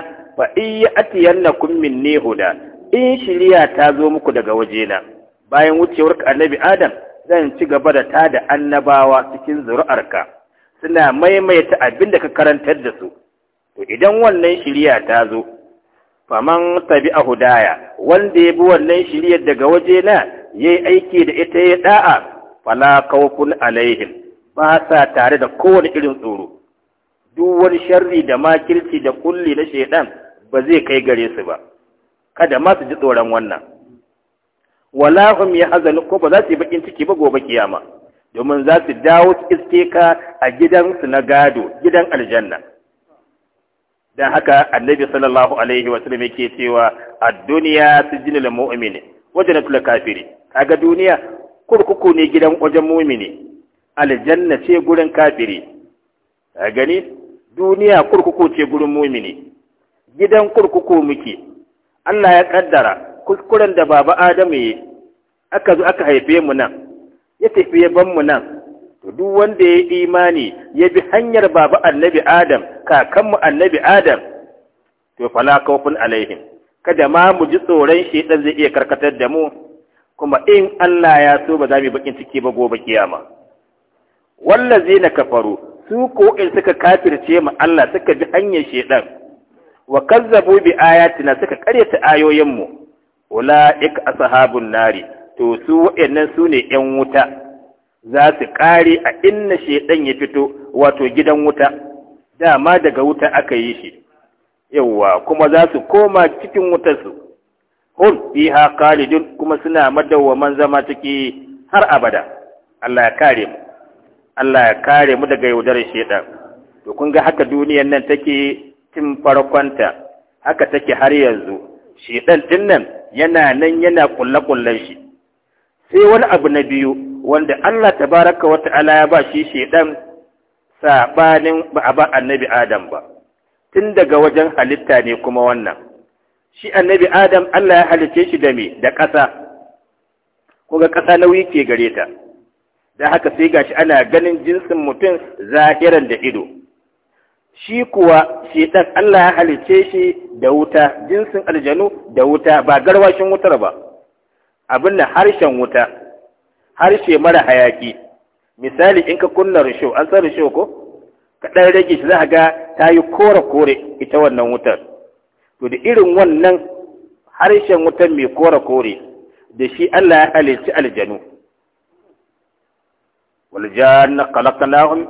Speaker 1: yanna ku min minni huda in shiriya ta zo muku daga wajena bayan wucewar ka annabi adam zan ci gaba da ta da annabawa cikin zuri'arka suna maimaita abinda ka karantar da su to idan wannan shiriya ta zo faman tabi a hudaya wanda ya bi wannan shirya daga waje na yi aiki da ita ya da'a fala khawfun alaihim ba sa tare da kowane irin tsoro duk wani sharri da makirci da kulli na shaidan ba zai kai gare su ba kada ma su ji tsoron wannan wala ya yahzanu ko ba za su yi bakin ciki ba gobe kiyama domin za su dawo iskeka ka a su na gado gidan aljanna dan haka annabi sallallahu alaihi wa sallam yake cewa ad-dunya sijnul mu'min wa jannatul kafiri kaga duniya kurkuku ne gidan wajen mu'mini aljanna ce gurin kafiri a gani duniya kurkuku ce gurin mumini gidan kurkuku muke Allah ya kaddara kuskuren da baba Adamu yi aka zo aka haife mu nan ya tafi ban mu nan duk wanda ya yi imani ya bi hanyar baba annabi adam kakanmu annabi adam to fala kawfin alaihim kada ma mu ji tsoron shaidan zai iya karkatar da mu kuma in Allah ya so ba za mu bakin ciki ba gobe kiyama na kafaru su ko in suka kafirce mu Allah suka bi hanyar shaidan wa kazzabu bi ayatina suka karyata ayoyin mu ulaika ashabun nari to su waɗannan su ne ƴan wuta za su ƙare a inna shaiɗan ya fito wato gidan wuta dama daga wuta aka yi shi yawwa kuma za su koma cikin wutarsu hun fiha khalidun kuma suna madawwaman zama ciki har abada Allah ya kare mu Allah ya kare mu daga yaudarar shaidan to kun ga haka duniyar nan take tun farkonta haka take har yanzu shaiɗan din nan yana nan yana kullakullan shi sai wani abu na biyu wanda Allah ta baraka wata ala ya ba shi shedan sabanin ba a ba annabi Adam ba tun daga wajen halitta ne kuma wannan shi annabi Adam Allah ya halice shi da me da ƙasa kuga ƙasa nauyi ke gare ta da haka sai gashi ana ganin jinsin mutum zahiran da ido shi kuwa shedan Allah ya halice shi da wuta jinsin aljanu da wuta ba garwashin wutar ba abin da harshen wuta harshe mara hayaki misali in ka kunna risho an san risho ko ka dan rage shi za ga ta yi kore-kore ita wannan wutar to da irin wannan harshen wutar mai kore-kore da shi Allah ya halicci aljanu janna khalaqnahum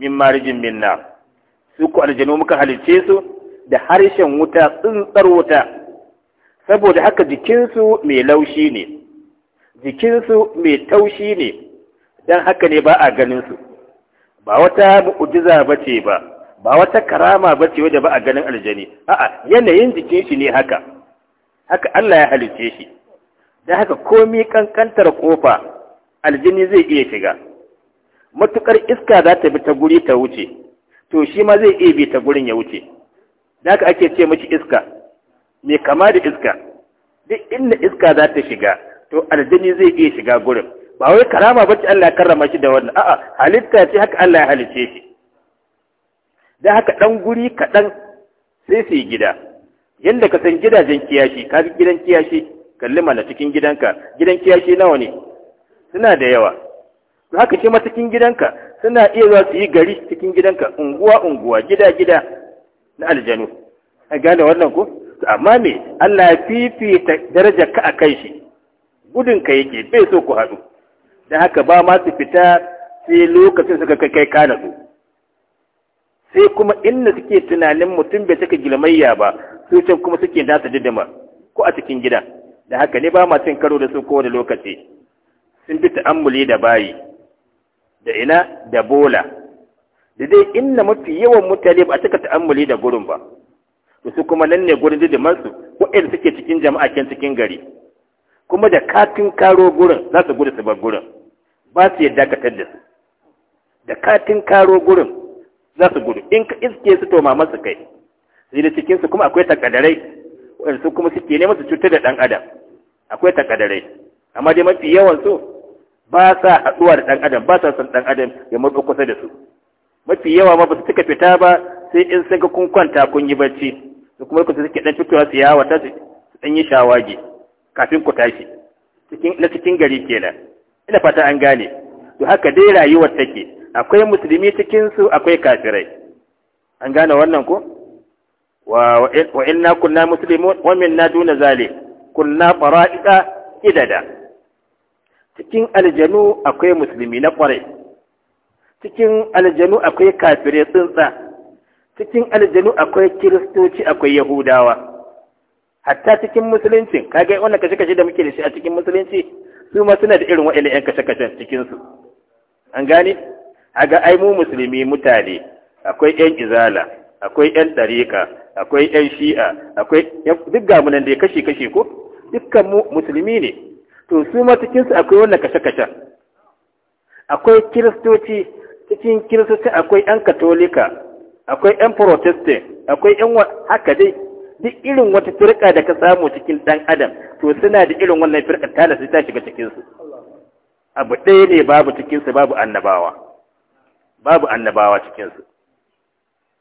Speaker 1: min marijin min nar su ku aljanu muka halicce su da harshen wuta tsintsar wuta saboda haka jikinsu mai laushi ne jikinsu mai taushi ne don haka ne ba a ganinsu ba wata mu'ujiza ba ce ba ba wata karama ba ce wadda ba a ganin aljani a'a yanayin jikin shi ne haka haka Allah ya halicce shi don haka komi kankantar kofa aljini zai iya shiga matukar iska za ta bi ta guri ta wuce to shi ma zai iya bi ta gurin ya wuce don haka ake ce mashi iska mai kama da iska duk inda iska za ta shiga to aljini zai iya shiga gurin ba wai karama bace Allah ya karrama shi da wannan a'a halitta ce haka Allah ya halice shi dan haka dan guri dan sai su yi gida yanda ka san gidajen kiyashi ka ga gidan kiyashi kalli mana cikin gidanka gidan kiyashi nawa ne suna da yawa to haka shi ma cikin gidanka suna iya zuwa su yi gari cikin gidanka unguwa unguwa gida gida na aljanu a gane wannan ko amma me Allah ya fifita darajar ka akan shi gudun ka yake bai so ku haɗu Da haka ba ma su fita sai lokacin suka kai kai kana su sai kuma inda suke tunanin mutum bai cika gilmayya ba su can kuma suke nasa didima ko a cikin gida da haka ne ba ma cin karo da su kowane lokaci sun fi ta'ammuli da bayi da ina da bola da dai inda mafi yawan mutane ba a cika ta'ammuli da gurin ba su kuma nan ne gurin didimansu waɗanda suke cikin jama'a cikin gari kuma da katin karo gurin za su gudu su bar gurin ba su yadda ka da su da katin karo gurin za su gudu in ka iske su to mamar su kai sai da cikinsu kuma akwai takadarai waɗansu kuma suke neman su cutar da ɗan adam akwai takadarai amma dai mafi yawan su ba sa haɗuwa da ɗan adam ba sa son ɗan adam ya matsa kusa da su mafi yawa ma ba su cika fita ba sai in sun ga kun kwanta kun yi bacci da kuma lokacin suke ɗan fitowa su yawa ta su ɗan yi shawagi kafin ku tashi na cikin gari kenan ina fata an gane to haka dai rayuwar take akwai musulmi cikin su akwai kafirai an gane wannan ko wa wa inna kunna muslimun wa minna duna zalik kunna fara'ida idada cikin aljanu akwai musulmi na kware cikin aljanu akwai kafirai tsuntsa cikin aljanu akwai kiristoci akwai yahudawa hatta cikin musulunci kaga wannan kashe kashe da muke da shi a cikin musulunci su ma suna da irin wa'ilin yan kashe kashe cikin su an gani? aga ai mu musulmi mutane akwai yan izala akwai yan dariqa akwai yan shi'a akwai duk ga munan da kashe kashe ko dukkan mu musulmi ne to su ma cikin su akwai wannan kashe kashe akwai kiristoci cikin kiristoci akwai yan katolika akwai yan protestant akwai yan haka dai duk irin wata firka da ka samu cikin dan adam to suna da irin wannan firka tana sai ta shiga cikin su abu ɗaya ne babu cikin su babu annabawa babu annabawa cikin su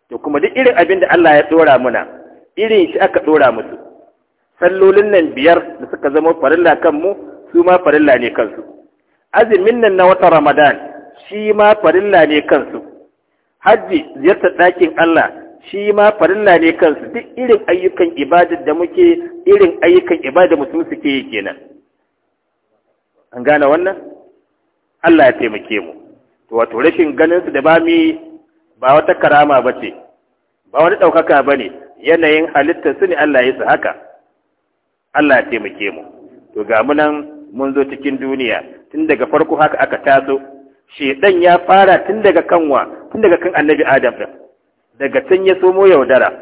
Speaker 1: to kuma duk irin abin da Allah ya dora muna irin shi aka dora musu sallolin nan biyar da suka zama farilla kan mu su ma farilla ne kansu azumin nan na watan Ramadan shi ma farilla ne kansu hajji ziyartar ɗakin Allah shi ma farilla ne kansu duk irin ayyukan ibadar da muke irin ayyukan ibadar mutum suke yi kenan an gane wannan Allah ya taimake mu to wato rashin ganin su da ba mi ba wata karama ba ce ba wani ɗaukaka ba ne yanayin halittar su ne Allah ya su haka Allah ya taimake mu to ga mu nan mun zo cikin duniya tun daga farko haka aka taso shedan ya fara tun daga kanwa tun daga kan annabi adam din daga can ya somo yaudara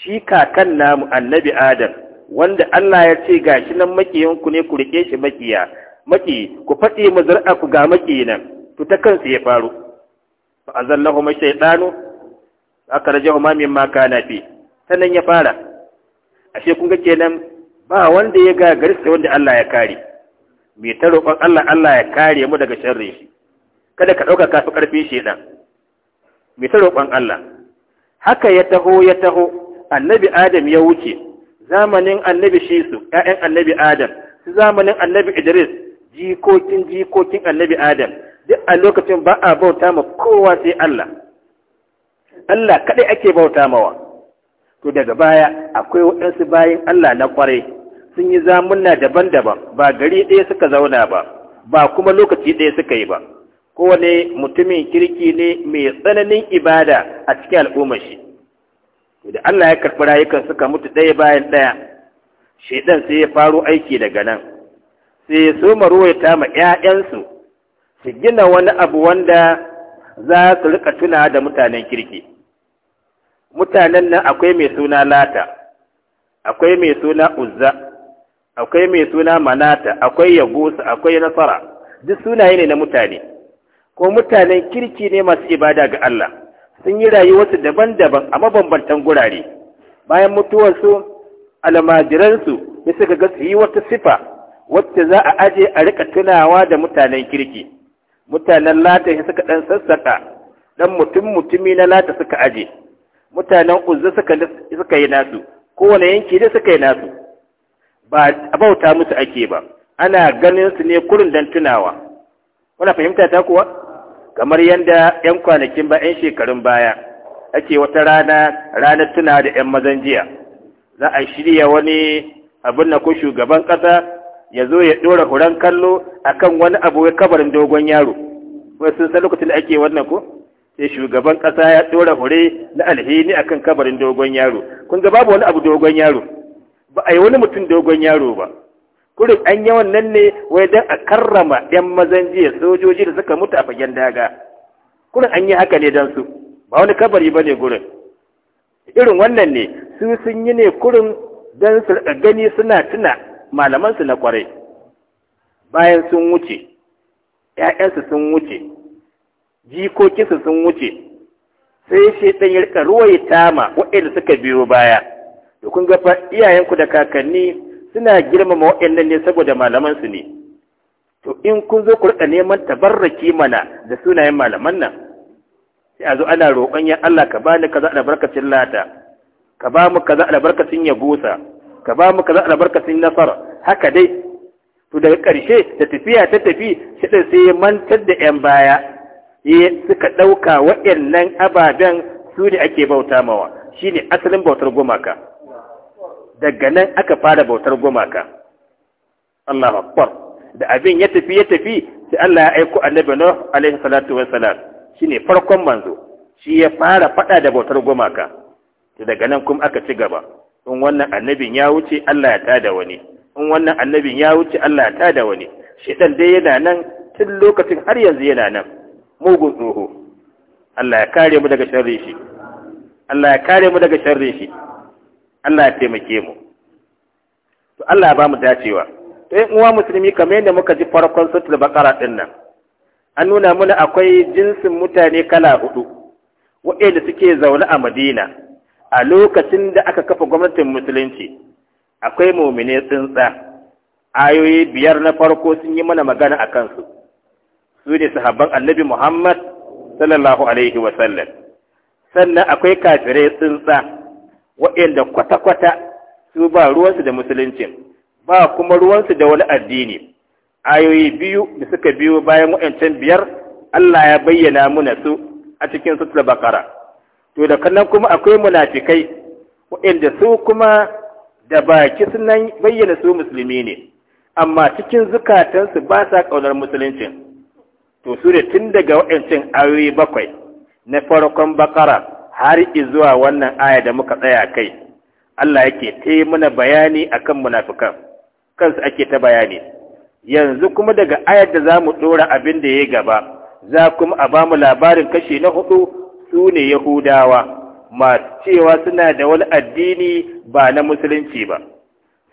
Speaker 1: shi kakan namu annabi adam wanda Allah ya ce gashi nan makiyanku ne ku rike shi makiya maki ku faɗi mu zar'a ku ga maki nan to ta kansu ya faru fa azallahu ma shaytanu akhrajahu ma mimma kana fi sannan ya fara ashe kun ga kenan ba wanda ya gagari sai wanda Allah ya kare mai ta roƙon Allah Allah ya kare mu daga sharri rishi? kada ka ɗauka kafi ƙarfin shedan mai ta roƙon Allah haka ya taho ya taho annabi adam ya wuce zamanin annabi shisu ƴaƴan annabi adam su zamanin annabi idris jikokin jikokin annabi adam duk a lokacin ba a bauta ma kowa sai Allah Allah kaɗai ake bauta mawa to daga baya akwai waɗansu bayan Allah na ƙwarai sun yi zamunna daban-daban ba gari ɗaya suka zauna ba ba kuma lokaci ɗaya suka yi ba kowane mutumin kirki ne mai tsananin ibada a cikin al'ummar shi da Allah ya karɓi rayukan suka mutu ɗaya bayan ɗaya shaidan sai ya faro aiki daga nan sai ya so maruwaita ma 'ya'yansu su gina wani abu wanda za su riƙa tuna da mutanen kirki mutanen nan akwai mai suna lata akwai mai suna uzza akwai mai suna manata akwai yagusa akwai nasara duk sunaye ne na mutane ko mutanen kirki ne masu ibada ga Allah sun yi rayuwarsu daban-daban a mabambantan gurare bayan mutuwarsu almajiransu ya suka ga su yi wata sifa wacce za a aje a rika tunawa da mutanen kirki mutanen lata ya suka ɗan sassaka dan mutum mutumi na lata suka aje mutanen uzza suka yi nasu kowane yanki da suka yi nasu ba a bauta musu ake ba ana ganin su ne kurin don tunawa wala fahimta ta kuwa kamar yadda 'yan kwanakin ba 'yan shekarun baya ake wata rana ranar tuna da 'yan mazan jiya za a shirya wani abin na ko shugaban ƙasa ya zo ya ɗora huran kallo akan wani abu ya kabarin dogon yaro wasu sun san lokacin da ake wannan ko sai shugaban ƙasa ya ɗora hure na alhini akan kabarin dogon yaro kun ga babu wani abu dogon yaro ba a yi wani mutum dogon yaro ba kurin an yi nan ne wai dan a karrama yan mazan jiya sojoji da suka mutu a fagen daga kurin an yi haka ne don su ba wani kabari ba ne gurin irin wannan ne su sun yi ne kurin don su gani suna tuna malamansu na kwarai bayan sun wuce ‘ya'yansu sun wuce jikokinsu sun wuce sai shaitan ya rika ruwaita ma waɗanda suka biyo baya da kun ga iyayenku da kakanni suna girmama waɗannan ne saboda malaman su ne to in kun zo ku rika neman tabarraki mana da sunayen malaman nan sai a zo ana roƙon ya Allah ka bani kaza albarkacin lata ka ba mu kaza albarkacin yabusa ka ba mu kaza albarkacin Nasar. haka dai to daga ƙarshe da tafiya ta tafi shi sai ya mantar da 'yan baya suka ɗauka waɗannan ababen su ne ake bauta mawa shi ne asalin bautar gumaka daga nan aka fara bautar gumaka Allah akbar da abin ya tafi ya tafi sai Allah ya aiko annabi Nuh alaihi salatu wassalam shine farkon manzo shi ya fara fada da bautar gumaka to daga nan kuma aka ci gaba in wannan annabin ya wuce Allah ya tada wani in wannan annabin ya wuce Allah ya tada wani shedan dai yana nan tun lokacin har yanzu yana nan mugun tsoho Allah ya kare mu daga sharri shi Allah ya kare mu daga sharri shi Allah ya taimake mu to Allah ya ba mu dacewa to in uwa musulmi kamar yadda muka ji farkon suratul baqara din nan an nuna mana akwai jinsin mutane kala hudu waɗanda suke zaune a Madina a lokacin da aka kafa gwamnatin musulunci akwai mumine tsuntsa ayoyi biyar na farko sun yi mana magana a kansu su ne sahabban annabi Muhammad sallallahu alaihi wa sallam sannan akwai kafirai tsuntsa waɗanda kwata-kwata su ba ruwansu da musuluncin ba kuma ruwansu da wani addini ayoyi biyu da suka biyo bayan waɗancan biyar Allah ya bayyana muna su a cikin sutura bakara to da kannan kuma akwai munafikai waɗanda su kuma da baki suna bayyana su musulmi ne amma cikin zukatansu ba sa ƙaunar musuluncin to su ne tun daga waɗancan ayoyi bakwai na farkon bakara har izuwa wannan aya da muka tsaya kai Allah yake ta yi mana bayani a kan munafukan, kansu ake ta bayani yanzu kuma daga ayar da za mu ɗora abin da ya gaba za kuma a ba mu labarin kashe na hudu su ne yahudawa masu cewa suna da wani addini ba na musulunci ba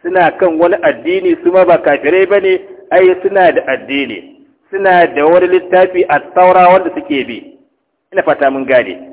Speaker 1: suna kan wani addini su ma ba kafirai ba ne ai suna da addini suna da wani littafi a saura wanda suke bi ina fata mun gane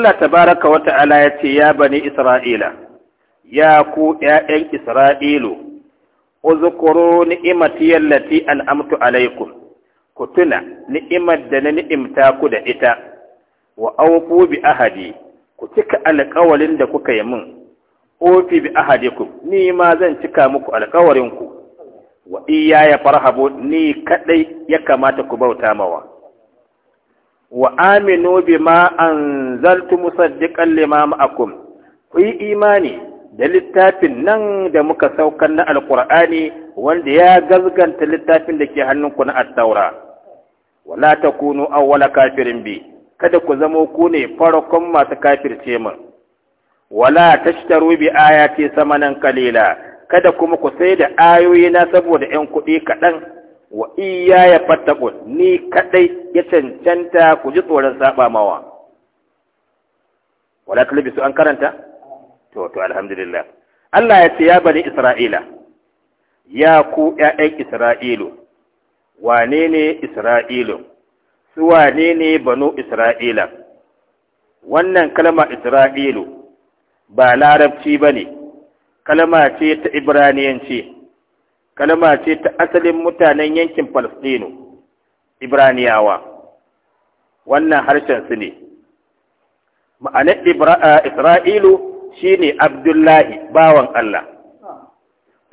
Speaker 1: Allah tabaraka wata ala ya ce ya bani Isra'ila ya ku ’ya'yan Isra'ilu uzukuru ni'imati yallati al'amtu alaikum ku tuna ni'imar da na ni'imta ku da ita wa aufu bi ahadi ku cika alƙawalin da kuka yi min ofi bi ahadi ku, ni ma zan cika muku alƙawarinku wa iya ya farhabo ni kadai ya kamata ku bauta mawa wa aminu bima anzaltu musaddiqan lima ma'akum ku yi imani da littafin nan da muka sauka na alqur'ani wanda ya gazganta littafin da ke hannunku na at-taura wala takunu awwala kafirin bi kada ku zamo ku ne farkon masu kafirce mun wala tashtaru bi ayati samanan kalila kada kuma ku sai da ayoyi na saboda 'yan kuɗi kaɗan wa iya ya fattakun ni kadai ya cancanta ku ji tsoron saba mawa wala talibisu an karanta to to alhamdulillah Allah ya ce ya bani Isra'ila ya ku ƴaƴan Isra'ilu wane ne Isra'ilu su wane ne banu Isra'ila wannan kalma Isra'ilu ba larabci bane kalma ce ta Ibraniyanci kalma ce ta asalin mutanen yankin Falastinu Ibraniyawa wannan harshen su ne Ma'anin eh, Isra'ilu shine Abdullahi bawan Allah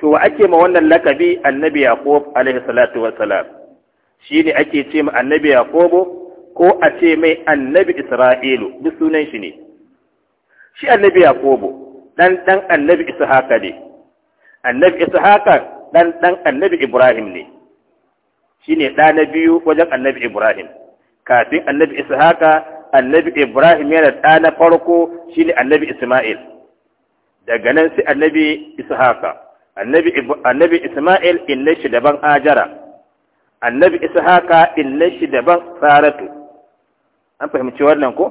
Speaker 1: to wa ake ma wannan lakabi annabi Yaqub alaihi salatu wassalam shine ake ce ma annabi Yaqubu ko a ce mai annabi Isra'ilu duk sunan shi ne shi annabi Yaqubu dan dan annabi haka ne annabi Ishaqa dan dan annabi Ibrahim ne shine ɗa na biyu wajen annabi Ibrahim kafin annabi Ishaqa annabi Ibrahim yana ɗa na farko shine annabi Isma'il daga nan sai annabi Ishaqa annabi annabi Isma'il inna shi daban Ajara annabi Ishaqa inna shi daban Saratu an fahimci wannan ko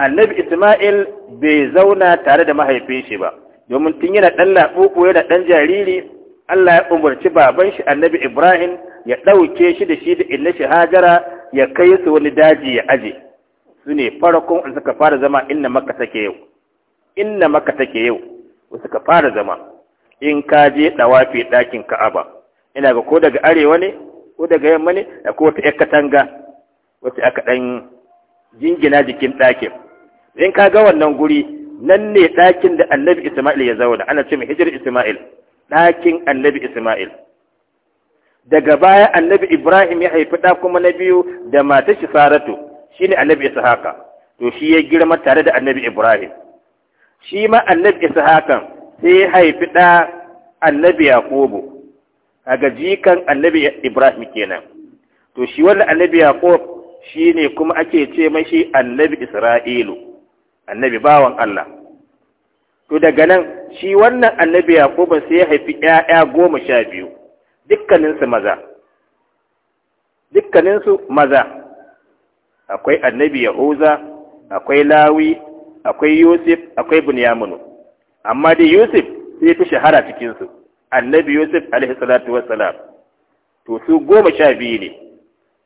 Speaker 1: annabi Isma'il bai zauna tare da mahaifin shi ba domin tun yana ɗan ko yana ɗan jariri Allah ya umarci baban shi annabi Ibrahim ya ɗauke shi da shi da inna shi hajara ya kai su wani daji ya aje su ne farkon da suka fara zama inna maka take yau inna maka take yau suka fara zama in ka je ɗawafi ɗakin ka'aba ina ga ko daga arewa ne ko daga yamma ne da ko wata ‘yar katanga wacce aka ɗan jingina jikin ɗakin in ka ga wannan guri nan ne ɗakin da annabi Ismail ya zauna ana ce mai Ismail ɗakin annabi Ismail. Daga baya annabi Ibrahim ya haifi ɗa kuma na biyu da matar shi Saratu shi ne annabi Ishaqa, to shi ya girma tare da annabi Ibrahim. Shi ma annabi Ishaqan sai ya haifi ɗa annabi Yakubu, kaga jikan annabi Ibrahim kenan. To shi wannan annabi Yakub shi ne kuma ake ce mashi annabi Isra'ilu, annabi bawan Allah. to daga nan shi wannan annabi yaquba sai ya haifi ƴaƴa goma sha biyu dukkaninsu maza dukkaninsu maza akwai annabi yahuza akwai lawi akwai yusuf akwai bunyaminu amma dai yusuf sai fi shahara cikinsu annabi yusuf alaihi salatu wassalam to su goma sha biyu ne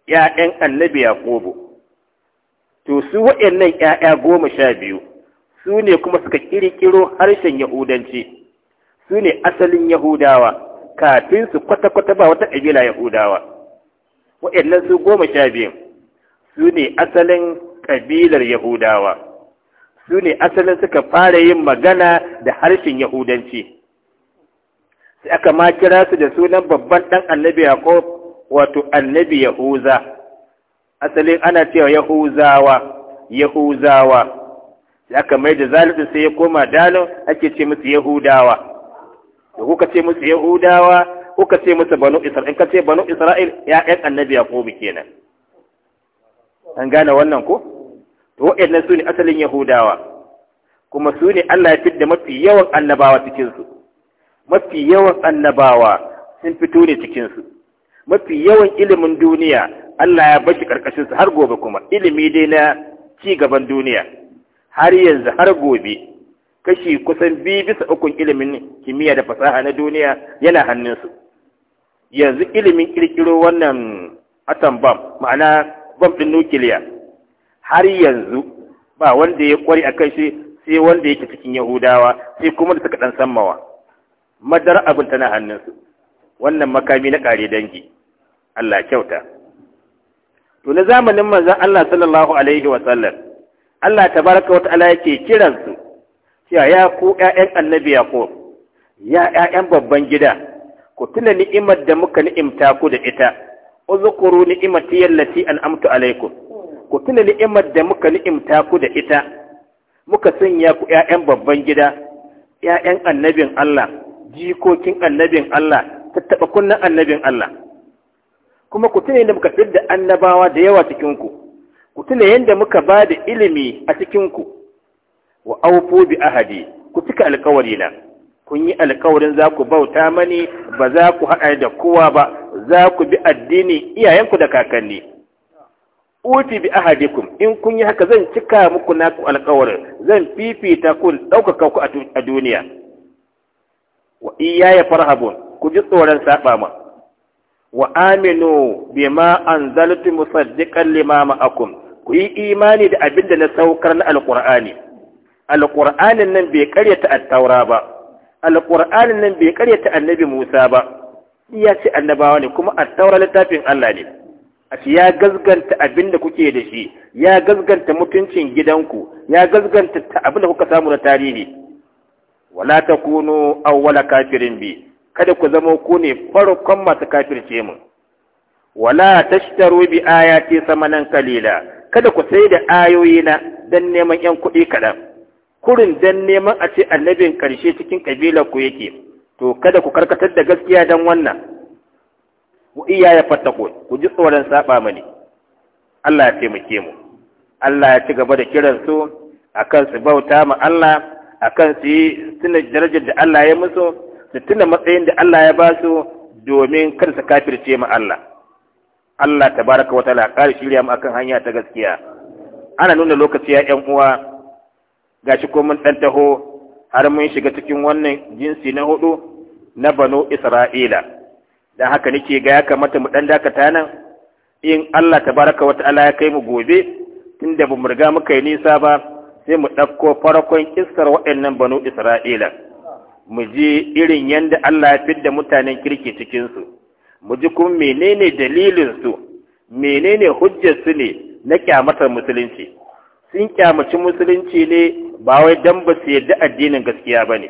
Speaker 1: ‘ya'yan annabi Yakubu. to su nan ‘ya'ya goma sha biyu su ne kuma suka kirkiro harshen yahudanci su ne asalin yahudawa kafin su kwata-kwata ba wata ƙabila yahudawa waɗannan su goma sha biyu su ne asalin ƙabilar yahudawa su ne asalin suka fara yin magana da harshen yahudanci sai aka ma kira su da sunan babban ɗan annabi yaƙob wato annabi yahuza asalin ana cewa yahuzawa yahuzawa Ya aka mai da zalibin sai ya koma dalon ake ce musu yahudawa da kuka ce musu yahudawa kuka ce musu banu isra'il ka ce banu isra'il ya ya'yan annabi yaqubu kenan an gane wannan ko to wa'annan su ne asalin yahudawa kuma su ne Allah ya fidda mafi yawan annabawa cikin su mafi yawan annabawa sun fito ne cikin su mafi yawan ilimin duniya Allah ya bashi karkashin su har gobe kuma ilimi dai na ci gaban duniya har yanzu har gobe kashi kusan biyu bisa ukun ilimin kimiyya da fasaha na duniya yana hannunsu yanzu ilimin kirkiro wannan atom bomb ma'ana bam ɗin nukiliya har yanzu ba wanda ya kware a kan shi sai wanda yake cikin yahudawa sai kuma da suka ɗan sammawa madara abin tana hannunsu wannan makami na kare dangi Allah kyauta to na zamanin manzon Allah sallallahu alaihi wa sallam Allah ta baraka wa ta'ala yake kiran su cewa ya ku ƴaƴan annabi ku ya ƴaƴan babban gida ku tuna ni'imar da muka ni'imta ku da ita uzkuru ni'imati allati an'amtu alaikum ku tuna ni'imar da muka ni'imta ku da ita muka sanya ku ƴaƴan babban gida ƴaƴan annabin Allah jikokin annabin Allah tattaɓa kunnan annabin Allah kuma ku tuna da muka fidda annabawa da yawa cikin ku ku tuna yadda muka ba da ilimi a cikinku wa aufu bi ahadi ku cika alkawari na kun yi alkawarin za ku bauta mani ba za ku haɗa da kowa ba za ku bi addini iyayenku da kakanni uti bi ahadikum in kun yi haka zan cika muku naku alkawarin zan fifita ku ɗaukaka ku a duniya wa iyaya farhabun ku ji tsoron saɓa ma wa aminu bima anzaltu musaddiqan lima ma'akum ku yi imani da abin da na saukar na alƙur'ani alƙur'anin nan bai karyata attaura ba alƙur'anin nan bai karyata annabi musa ba iya ce annabawa ne kuma attaura littafin allah ne a ya gazganta abin da kuke da shi ya gazganta mutuncin gidanku ya gazganta abin da kuka samu na tarihi wala takunu awwala kafirin bi kada ku zama ku ne farkon masu kafirce mu wala tashtaru bi ayati samanan kalila kada ku sai da ayoyina don neman ‘yan kuɗi kaɗan, kurin don neman a ce annabin ƙarshe cikin ƙabilar ku yake, to kada ku karkatar da gaskiya don wannan, ku iya ya fata ku ji tsoron saɓa mani. Allah ya taimake mu, Allah ya ci gaba da kiransu a kan su bauta ma Allah, a kan su yi tuna darajar da Allah ya musu, su tuna matsayin da Allah ya ba su domin kar su kafirce ma Allah. Allah tabaraka wa ta'ala ƙara shirya mu akan hanya ta gaskiya ana nuna lokaci ya ƴan uwa gashi ko mun dan taho har mun shiga cikin wannan jinsi na hudu na banu Isra'ila dan haka nake ga ya kamata mu ɗan dakata nan in Allah tabaraka wa ta'ala ya kai mu gobe tunda bamu riga muka yi nisa ba sai mu ɗauko farakon iskar waɗannan banu Isra'ila mu ji irin yadda Allah ya fidda mutanen kirki cikinsu mu ji kun menene dalilinsu menene hujjarsu ne na kyamatar musulunci sun kyamaci musulunci ne ba wai dan ba su yarda addinin gaskiya ba ne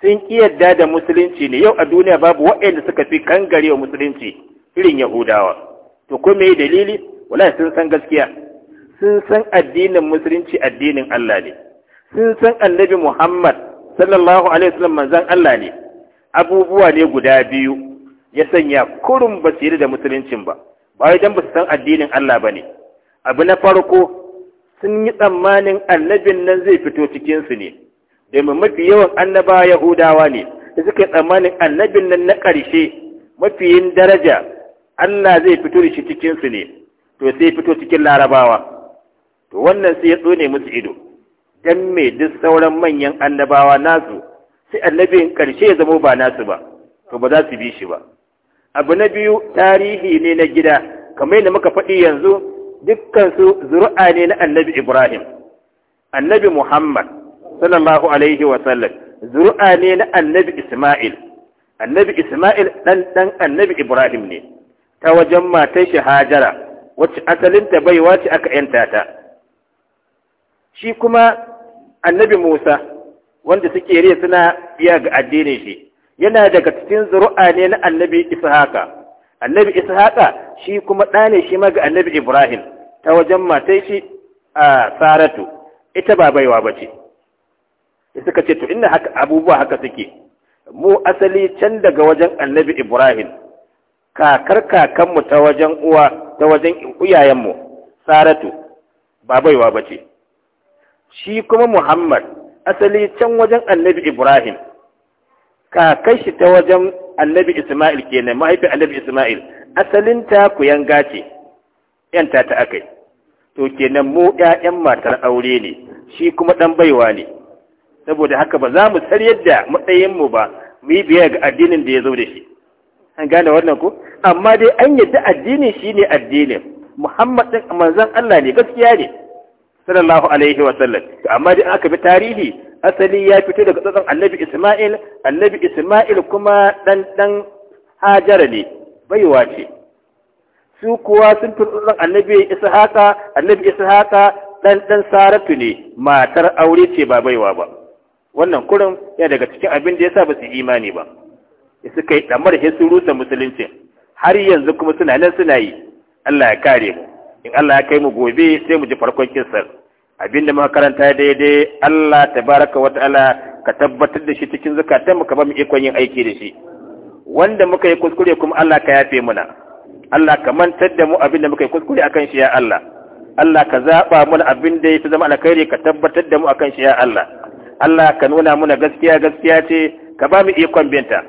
Speaker 1: sun ki yarda da musulunci ne yau a duniya babu waɗanda suka fi kangare wa musulunci irin yahudawa to ko me dalili wallahi sun san gaskiya sun san addinin musulunci addinin Allah ne sun san annabi Muhammad sallallahu alaihi wasallam manzon Allah ne abubuwa ne guda biyu ya sanya kurun basiri da musuluncin ba ba wai dan ba su san addinin Allah ba ne. abu na farko sun yi tsammanin annabin nan zai fito cikin su ne domin mafi yawan annaba yahudawa ne da suka yi tsammanin annabin nan na ƙarshe mafiyin daraja Allah zai fito da shi cikin ne to sai fito cikin larabawa to wannan sai ya tsone musu ido dan me duk sauran manyan annabawa nasu sai annabin ƙarshe ya zama ba nasu ba to ba za su bi shi ba abu na biyu tarihi ne na gida kamar yadda muka faɗi yanzu dukkansu zuru'a ne na annabi ibrahim annabi muhammad sallallahu alaihi wasallam zuru'a ne na annabi isma'il annabi isma'il ɗan annabi ibrahim ne ta wajen matan shi hajara wacce asalinta baiwa ce aka yanta ta shi kuma annabi musa wanda suke riya suna iya ga addinin shi yana daga cikin zuru'a ne na annabi ishaqa annabi ishaqa shi kuma ɗa ne shi ma ga annabi ibrahim ta wajen matai shi a saratu ita ba baiwa ba ce suka ce to inna haka abubuwa haka suke mu asali can daga wajen annabi ibrahim kakar kakanmu ta wajen uwa ta wajen iyayenmu saratu ba baiwa ba ce shi kuma muhammad asali can wajen annabi ibrahim kakai shi ta wajen annabi Ismail kenan mahaifin annabi Ismail ta ku yanga ce yanta ta akai to kenan mu ƴaƴan matar aure ne shi kuma dan baiwa ne saboda haka ba za mu tsar yadda matsayin mu ba mu yi biya ga addinin da ya zo da shi an gane wannan ko amma dai an yadda addinin shine addinin Muhammad din manzon Allah ne gaskiya ne sallallahu alaihi wa sallam amma dai aka bi tarihi asali ya fito daga tsatsan annabi Ismail annabi Ismail kuma dan dan Hajara ne baiwa ce su kuwa sun fi tsatsan annabi Ishaqa annabi Ishaqa dan dan Saratu ne matar aure ce ba baiwa ba wannan kurin ya daga cikin abin da yasa ba su imani ba suka yi damar su rusa musulunci har yanzu kuma suna nan suna yi Allah ya kare mu in Allah ya kai mu gobe sai mu ji farkon kisar abinda muka karanta daidai Allah tabaraka wa ta'ala ka tabbatar da shi cikin zakatun ka ba mu ikon yin aiki da shi wanda muka yi kuskure kuma Allah ka yafe muna Allah ka mantar da mu abinda muka yi kuskure akan shi ya Allah Allah ka zaba mana abin ya fi zama alkhairi ka tabbatar da mu akan shi ya Allah Allah ka nuna mana gaskiya gaskiya ce ka ba mu ikon binta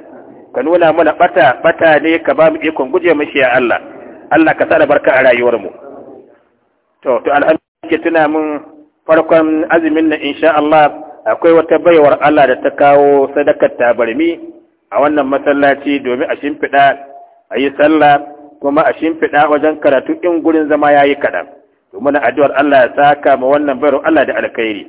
Speaker 1: ka nuna mana bata bata ne ka ba mu ikon guje mu shi ya Allah Allah ka sa da barka a rayuwar mu to to alhamdulillah tuna mun farkon azumin na insha Allah akwai wata baiwar Allah da ta kawo sadakar tabarmi a wannan masallaci domin a shimfiɗa a yi sallah kuma a shimfiɗa wajen karatu in gurin zama ya yi kaɗan domin addu'ar Allah ya saka ma wannan baiwar Allah da alkhairi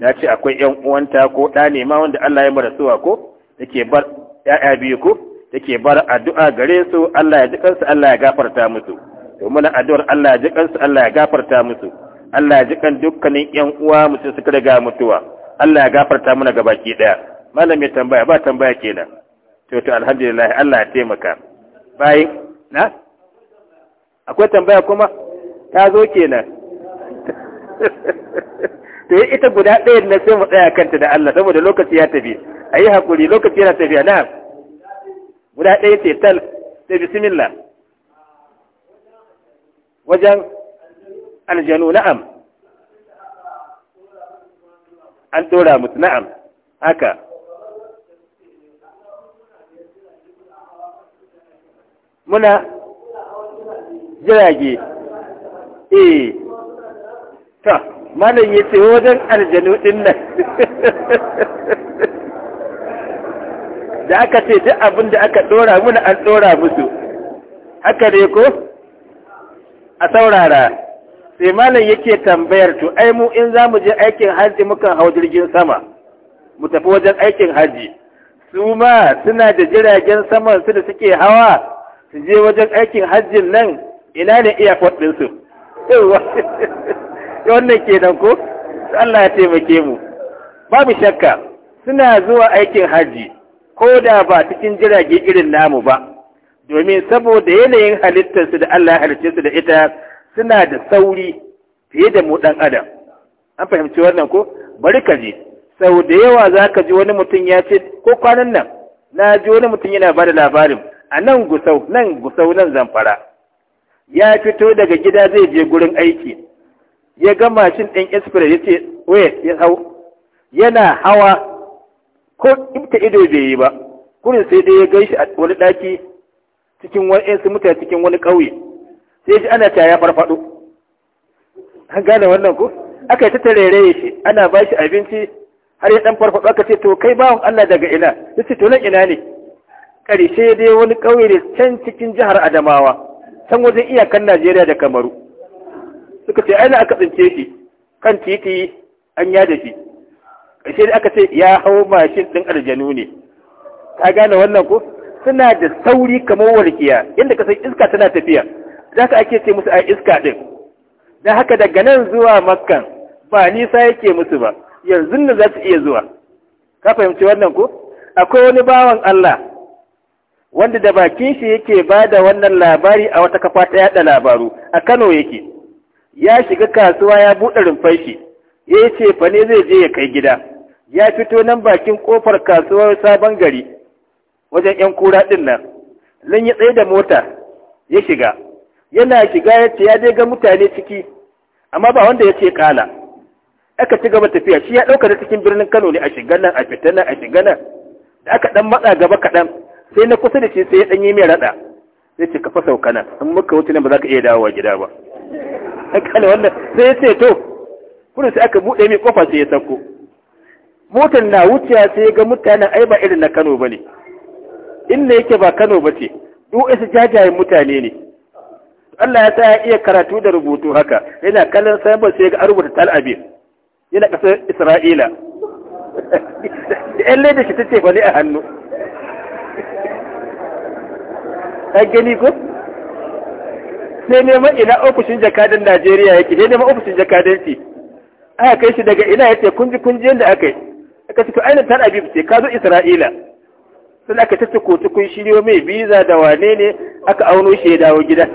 Speaker 1: Na ce akwai ƴan uwanta ko ɗa ne ma wanda Allah ya mara suwa ko take bar ƴaƴa biyu ko take bar addu'a gare su Allah ya ji kansu Allah ya gafarta musu domin addu'ar Allah ya ji kansu Allah ya gafarta musu Allah ya jikan dukkanin yan uwa mutum suka riga mutuwa Allah ya gafarta mana gabaki daya malam ya tambaya ba tambaya kenan to to alhamdulillah Allah ya taimaka bayin na akwai tambaya kuma ta zo kenan to ita guda ɗaya na sai mu tsaya kanta da Allah saboda lokaci ya tafi ayi hakuri lokaci yana tafiya na guda ɗaya ce tal sai bismillah wajen aljanu na'am an dora musu na'am haka muna jirage eh ta malam ya ce wajen aljanu din nan da aka ce duk abin da aka dora muna an dora musu haka ne ko a saurara sai malam yake tambayar to ai mu in za mu je aikin hajji mukan hau jirgin sama mu tafi wajen aikin hajji su ma suna da jiragen saman su da suke hawa su je wajen aikin hajjin nan ina ne iya wannan kenan ko Allah ya taimake mu babu shakka suna zuwa aikin hajji ko da ba cikin jirage irin namu ba domin saboda yanayin halittarsu da Allah ya halicce su da ita suna da sauri fiye da mu ɗan adam an fahimci wannan ko bari ka je sau da yawa za ka ji wani mutum ya ce ko kwanan nan na ji wani mutum yana ba da labarin a nan gusau nan gusau nan zamfara ya fito daga gida zai je gurin aiki ya ga mashin ɗin Espirit ya ce waya ya hau yana hawa ko ibta ido bai yi ba kurin sai dai ya gaishe a wani ɗaki cikin wani mutane cikin wani ƙauye sai ji ana caya farfado an gane wannan ku. aka yi ta tarere shi ana ba shi abinci har ya dan farfado aka ce to kai bawon Allah daga ina yace to nan ina ne karshe dai wani kauye ne can cikin jihar Adamawa can wajen iyakan Najeriya da Kamaru suka ce aina aka tsince shi kan titi an ya da shi karshe dai aka ce ya hau mashin ɗin aljanu ne ka gane wannan ko suna da sauri kamar walkiya inda ka san iska tana tafiya za ka ake ce musu a iska ɗin da haka daga nan zuwa makkan ba nisa yake musu ba yanzu ne za su iya zuwa ka fahimci wannan ko akwai wani bawan Allah wanda da bakin shi yake ba da wannan labari a wata kafa ta yada labaru a Kano yake ya shiga kasuwa ya buɗe rumfar shi ya ce fa ne zai je ya kai gida ya fito nan bakin kofar kasuwar sabon gari wajen 'yan kura ɗin nan zan yi tsaye da mota ya shiga yana shiga yace ya dai ga mutane ciki amma ba wanda ya ce kala aka ci gaba tafiya shi ya ɗauka da cikin birnin kano ne a shiga nan a fita nan a shiga nan da aka ɗan matsa gaba kaɗan sai na kusa da shi sai ya ɗan yi mai raɗa sai ce ka fa sauka nan in muka wuce nan ba za ka iya dawowa gida ba kala wannan sai ya ce to kuma sai aka buɗe mai kofa sai ya sauko motar na wuce sai ga mutanen ai ba irin na kano ba ne inda yake ba kano ba ce duk wasu jajayen mutane ne Allah ya sa iya karatu da rubutu haka yana kallon samun sai ga rubuta tal abin yana kasar isra'ila da yan leda shi ta ce ne a hannu ta gani ko sai neman ina ofishin jakadan najeriya yake sai neman ofishin ci aka kai shi daga ina ya ce kunji kunji yadda aka yi aka ce to ainihin tal abin ce ka zo isra'ila sai aka ta tuko tukun shiryo mai biza da wane ne aka auno shi ya dawo gida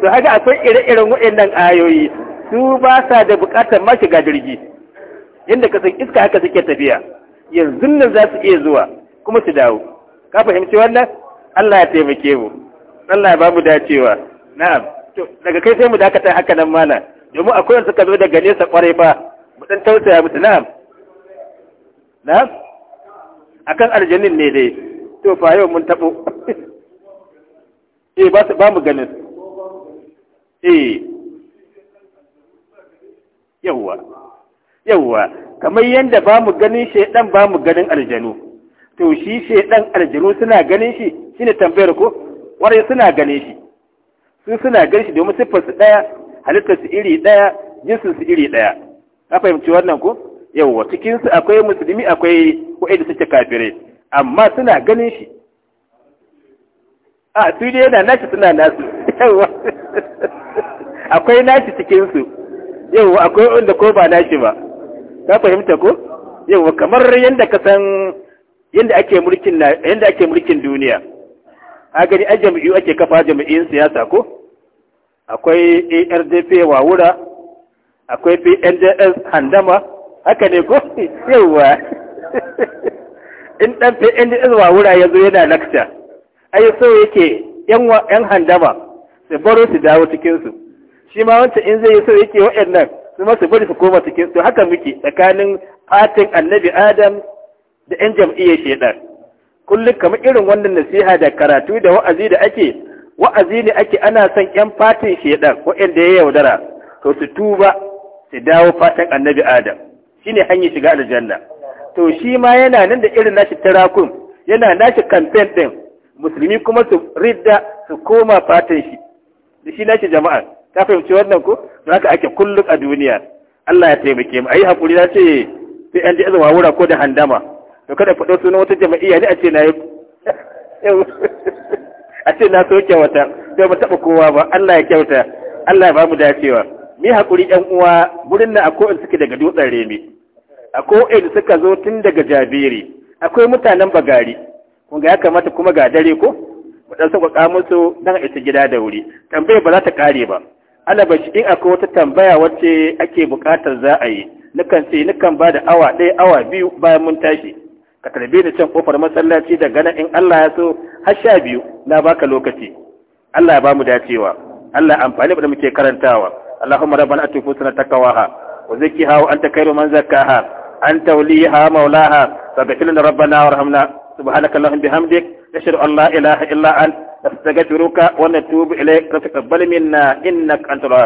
Speaker 1: to haka akwai ire-iren waɗannan ayoyi su ba sa da buƙatar ma shiga jirgi inda ka san iska haka suke tafiya yanzu nan za su iya zuwa kuma su dawo ka fahimci wannan Allah ya taimake mu Allah ya ba mu dacewa na'am to daga kai sai mu dakata haka nan mana domin akwai wanda suka zo daga nesa kwarai fa mu dan tausaya musu na'am na'am akan aljannin ne dai to fa yau mun tabo eh ba mu ganin Ee, eh. yawwa yawwa kamar yadda ba mu ganin shaidan ba mu ganin aljanu to shi shaidan aljanu suna ganin shi shine tambayar ko warai suna ganin shi su suna ganin shi domin siffar su daya halittar su iri daya jinsin su iri daya ka fahimci wannan ko yawwa cikin su akwai musulmi akwai da suke kafirai amma suna ganin shi a su dai yana nashi suna nasu yawwa akwai nashi cikin su yau akwai wanda ko ba nashi ba ka fahimta ko yau kamar yanda ka san yanda ake mulkin yanda ake mulkin duniya a gani a jami'u ake kafa jami'in siyasa ko akwai ARDP wawura akwai PNDS handama haka ne ko yauwa in dan PNDS wawura yazo yana lakta ai so yake yan handama su baro su dawo cikin su shi ma wancan in zai yi so yake waɗannan su masu bari su koma cikin su haka muke tsakanin fatin annabi adam da yan jam'iyyar shaidan kullum kamar irin wannan nasiha da karatu da wa'azi da ake wa'azi ne ake ana son yan fatin shaidan waɗanda ya yaudara to su tuba su dawo fatan annabi adam shine hanyar shiga aljanna to shi ma yana nan da irin nashi tarakun yana nashi kamfen ɗin musulmi kuma su ridda su koma fatan shi da shi nashi jama'a ka fahimci wannan ko don haka ake kullum a duniya Allah ya taimake mu ayi hakuri na ce sai an ji azuma wura ko da handama to kada faɗo sunan wata jama'iya ne a ce na yi a ce na soke wata bai ba taɓa kowa ba Allah ya kyauta Allah ya ba mu dacewa mi hakuri ɗan uwa gurin nan akwai in suke daga dutsen remi akwai in suka zo tun daga jabiri akwai mutanen bagari kun ga ya kamata kuma ga dare ko mu dan sauƙaƙa musu dan a isa gida da wuri tambayar ba za ta kare ba alabashi in akwai wata tambaya wacce ake buƙatar za a yi nukan ce nukan ba da awa ɗaya awa biyu bayan mun tashi ka tarbe da can kofar masallaci daga nan in Allah ya so har sha biyu na baka lokaci Allah ya ba mu dacewa Allah amfani da muke karantawa Allahumma rabbana ati fusana takawaha wa zakkiha wa anta khairu man zakkaha anta waliha maulaha faghfir lana rabbana warhamna subhanaka allahumma bihamdik nashhadu an la ilaha illa anta نستغفرك ونتوب إليك فتقبل منا إنك أنت الوهاب